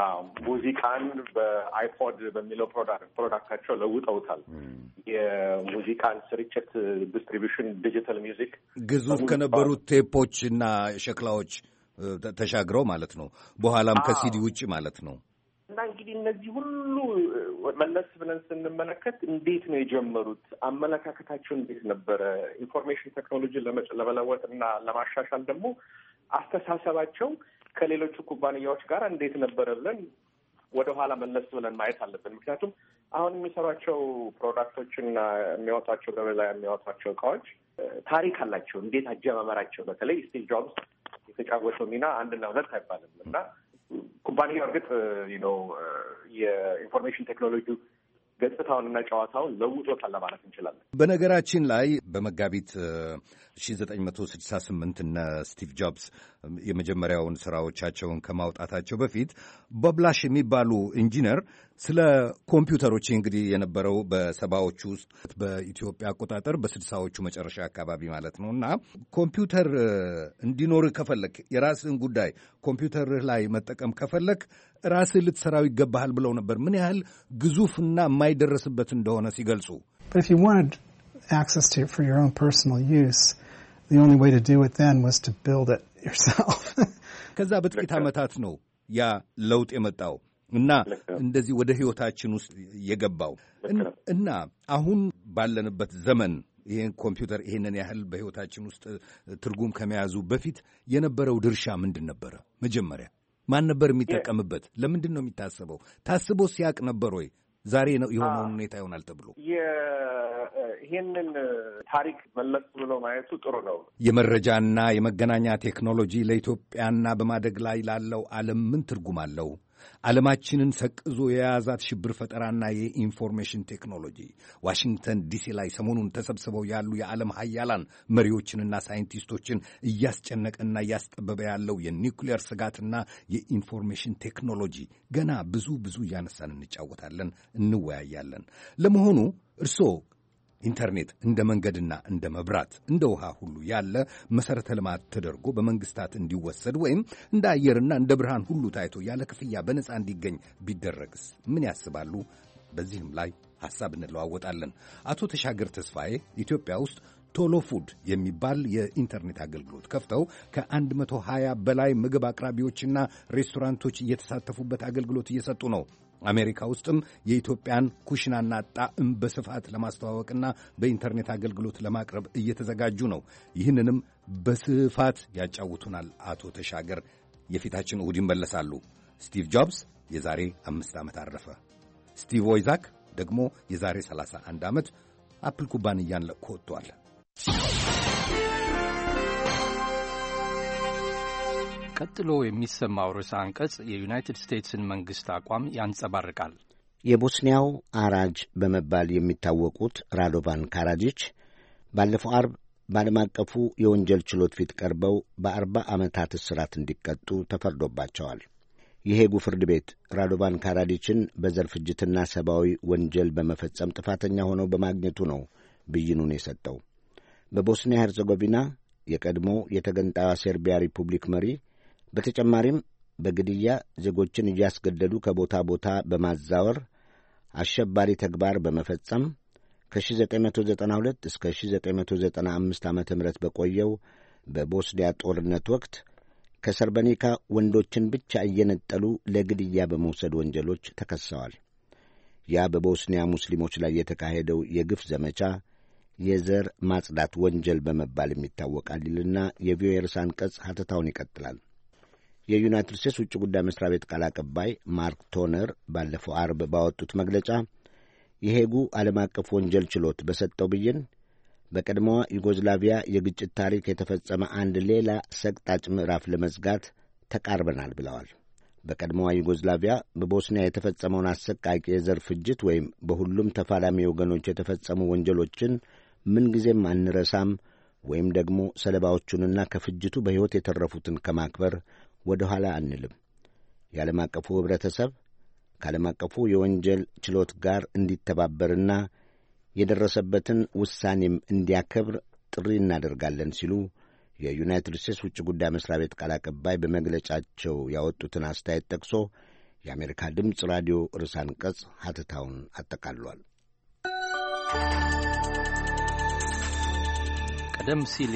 ሙዚቃን በአይፖድ በሚለው ፕሮዳክታቸው ለውጠውታል። የሙዚቃን ስርጭት ዲስትሪቢሽን፣ ዲጂታል ሚውዚክ ግዙፍ ከነበሩት ቴፖች እና ሸክላዎች ተሻግረው ማለት ነው። በኋላም ከሲዲ ውጭ ማለት ነው። እና እንግዲህ እነዚህ ሁሉ መለስ ብለን ስንመለከት እንዴት ነው የጀመሩት? አመለካከታቸው እንዴት ነበረ? ኢንፎርሜሽን ቴክኖሎጂ ለመለወጥ እና ለማሻሻል ደግሞ አስተሳሰባቸው ከሌሎቹ ኩባንያዎች ጋር እንዴት ነበረ ብለን ወደኋላ መለስ ብለን ማየት አለብን። ምክንያቱም አሁን የሚሰሯቸው ፕሮዳክቶችና የሚያወጧቸው ገበላ የሚያወጧቸው እቃዎች ታሪክ አላቸው። እንዴት አጀማመራቸው በተለይ ስቲቭ ጆብስ የተጫወተው ሚና አንድና ሁለት አይባልም እና ኩባንያው እርግጥ ነው uh, uh, የኢንፎርሜሽን ቴክኖሎጂ ገጽታውንና ጨዋታውን ለውጦታል ለማለት እንችላለን። በነገራችን ላይ በመጋቢት 1968 እነ ስቲቭ ጆብስ የመጀመሪያውን ስራዎቻቸውን ከማውጣታቸው በፊት በብላሽ የሚባሉ ኢንጂነር ስለ ኮምፒውተሮች እንግዲህ የነበረው በሰባዎቹ ውስጥ በኢትዮጵያ አቆጣጠር በስድሳዎቹ መጨረሻ አካባቢ ማለት ነው እና ኮምፒውተር እንዲኖርህ ከፈለክ የራስህን ጉዳይ ኮምፒውተርህ ላይ መጠቀም ከፈለክ ራስህ ልትሰራው ይገባሃል ብለው ነበር። ምን ያህል ግዙፍና የማይደረስበት እንደሆነ ሲገልጹ ከዛ በጥቂት ዓመታት ነው ያ ለውጥ የመጣው እና እንደዚህ ወደ ሕይወታችን ውስጥ የገባው እና አሁን ባለንበት ዘመን ይህን ኮምፒውተር ይህንን ያህል በሕይወታችን ውስጥ ትርጉም ከመያዙ በፊት የነበረው ድርሻ ምንድን ነበረ መጀመሪያ? ማን ነበር የሚጠቀምበት? ለምንድን ነው የሚታሰበው? ታስቦ ሲያቅ ነበር ወይ? ዛሬ ነው የሆነውን ሁኔታ ይሆናል ተብሎ ይህንን ታሪክ መለስ ብሎ ማየቱ ጥሩ ነው። የመረጃና የመገናኛ ቴክኖሎጂ ለኢትዮጵያና በማደግ ላይ ላለው ዓለም ምን ትርጉም አለው? ዓለማችንን ሰቅዞ የያዛት ሽብር ፈጠራና የኢንፎርሜሽን ቴክኖሎጂ ዋሽንግተን ዲሲ ላይ ሰሞኑን ተሰብስበው ያሉ የዓለም ሀያላን መሪዎችንና ሳይንቲስቶችን እያስጨነቀና እያስጠበበ ያለው የኒውክሌር ስጋትና የኢንፎርሜሽን ቴክኖሎጂ ገና ብዙ ብዙ እያነሳን እንጫወታለን፣ እንወያያለን። ለመሆኑ እርስዎ ኢንተርኔት እንደ መንገድና እንደ መብራት እንደ ውሃ ሁሉ ያለ መሠረተ ልማት ተደርጎ በመንግስታት እንዲወሰድ ወይም እንደ አየርና እንደ ብርሃን ሁሉ ታይቶ ያለ ክፍያ በነፃ እንዲገኝ ቢደረግስ ምን ያስባሉ? በዚህም ላይ ሐሳብ እንለዋወጣለን። አቶ ተሻገር ተስፋዬ ኢትዮጵያ ውስጥ ቶሎ ፉድ የሚባል የኢንተርኔት አገልግሎት ከፍተው ከ120 በላይ ምግብ አቅራቢዎችና ሬስቶራንቶች እየተሳተፉበት አገልግሎት እየሰጡ ነው። አሜሪካ ውስጥም የኢትዮጵያን ኩሽናና ጣዕም በስፋት ለማስተዋወቅና በኢንተርኔት አገልግሎት ለማቅረብ እየተዘጋጁ ነው። ይህንንም በስፋት ያጫውቱናል አቶ ተሻገር። የፊታችን እሁድ ይመለሳሉ። ስቲቭ ጆብስ የዛሬ አምስት ዓመት አረፈ። ስቲቭ ወይዛክ ደግሞ የዛሬ 31 ዓመት አፕል ኩባንያን ለቆ ወጥቷል። ቀጥሎ የሚሰማው ርዕሰ አንቀጽ የዩናይትድ ስቴትስን መንግሥት አቋም ያንጸባርቃል። የቦስኒያው አራጅ በመባል የሚታወቁት ራዶቫን ካራጂች ባለፈው አርብ በዓለም አቀፉ የወንጀል ችሎት ፊት ቀርበው በአርባ ዓመታት እስራት እንዲቀጡ ተፈርዶባቸዋል። የሄጉ ፍርድ ቤት ራዶቫን ካራዲችን በዘር ፍጅትና ሰብአዊ ወንጀል በመፈጸም ጥፋተኛ ሆነው በማግኘቱ ነው ብይኑን የሰጠው። በቦስኒያ ሄርዘጎቪና የቀድሞ የተገንጣዩ ሴርቢያ ሪፑብሊክ መሪ በተጨማሪም በግድያ ዜጎችን እያስገደዱ ከቦታ ቦታ በማዛወር አሸባሪ ተግባር በመፈጸም ከ1992 እስከ 1995 ዓ ም በቆየው በቦስኒያ ጦርነት ወቅት ከሰርበኒካ ወንዶችን ብቻ እየነጠሉ ለግድያ በመውሰድ ወንጀሎች ተከሰዋል። ያ በቦስኒያ ሙስሊሞች ላይ የተካሄደው የግፍ ዘመቻ የዘር ማጽዳት ወንጀል በመባል የሚታወቃል ይልና የቪዮኤርስ አንቀጽ ሐተታውን ይቀጥላል። የዩናይትድ ስቴትስ ውጭ ጉዳይ መስሪያ ቤት ቃል አቀባይ ማርክ ቶነር ባለፈው አርብ ባወጡት መግለጫ የሄጉ ዓለም አቀፍ ወንጀል ችሎት በሰጠው ብይን በቀድሞዋ ዩጎዝላቪያ የግጭት ታሪክ የተፈጸመ አንድ ሌላ ሰቅጣጭ ምዕራፍ ለመዝጋት ተቃርበናል ብለዋል። በቀድሞዋ ዩጎዝላቪያ በቦስኒያ የተፈጸመውን አሰቃቂ የዘር ፍጅት ወይም በሁሉም ተፋላሚ ወገኖች የተፈጸሙ ወንጀሎችን ምንጊዜም አንረሳም ወይም ደግሞ ሰለባዎቹንና ከፍጅቱ በሕይወት የተረፉትን ከማክበር ወደ ኋላ አንልም። የዓለም አቀፉ ኅብረተሰብ ከዓለም አቀፉ የወንጀል ችሎት ጋር እንዲተባበርና የደረሰበትን ውሳኔም እንዲያከብር ጥሪ እናደርጋለን ሲሉ የዩናይትድ ስቴትስ ውጭ ጉዳይ መስሪያ ቤት ቃል አቀባይ በመግለጫቸው ያወጡትን አስተያየት ጠቅሶ የአሜሪካ ድምፅ ራዲዮ ርዕሰ አንቀጽ ሐተታውን አጠቃልሏል። ቀደም ሲል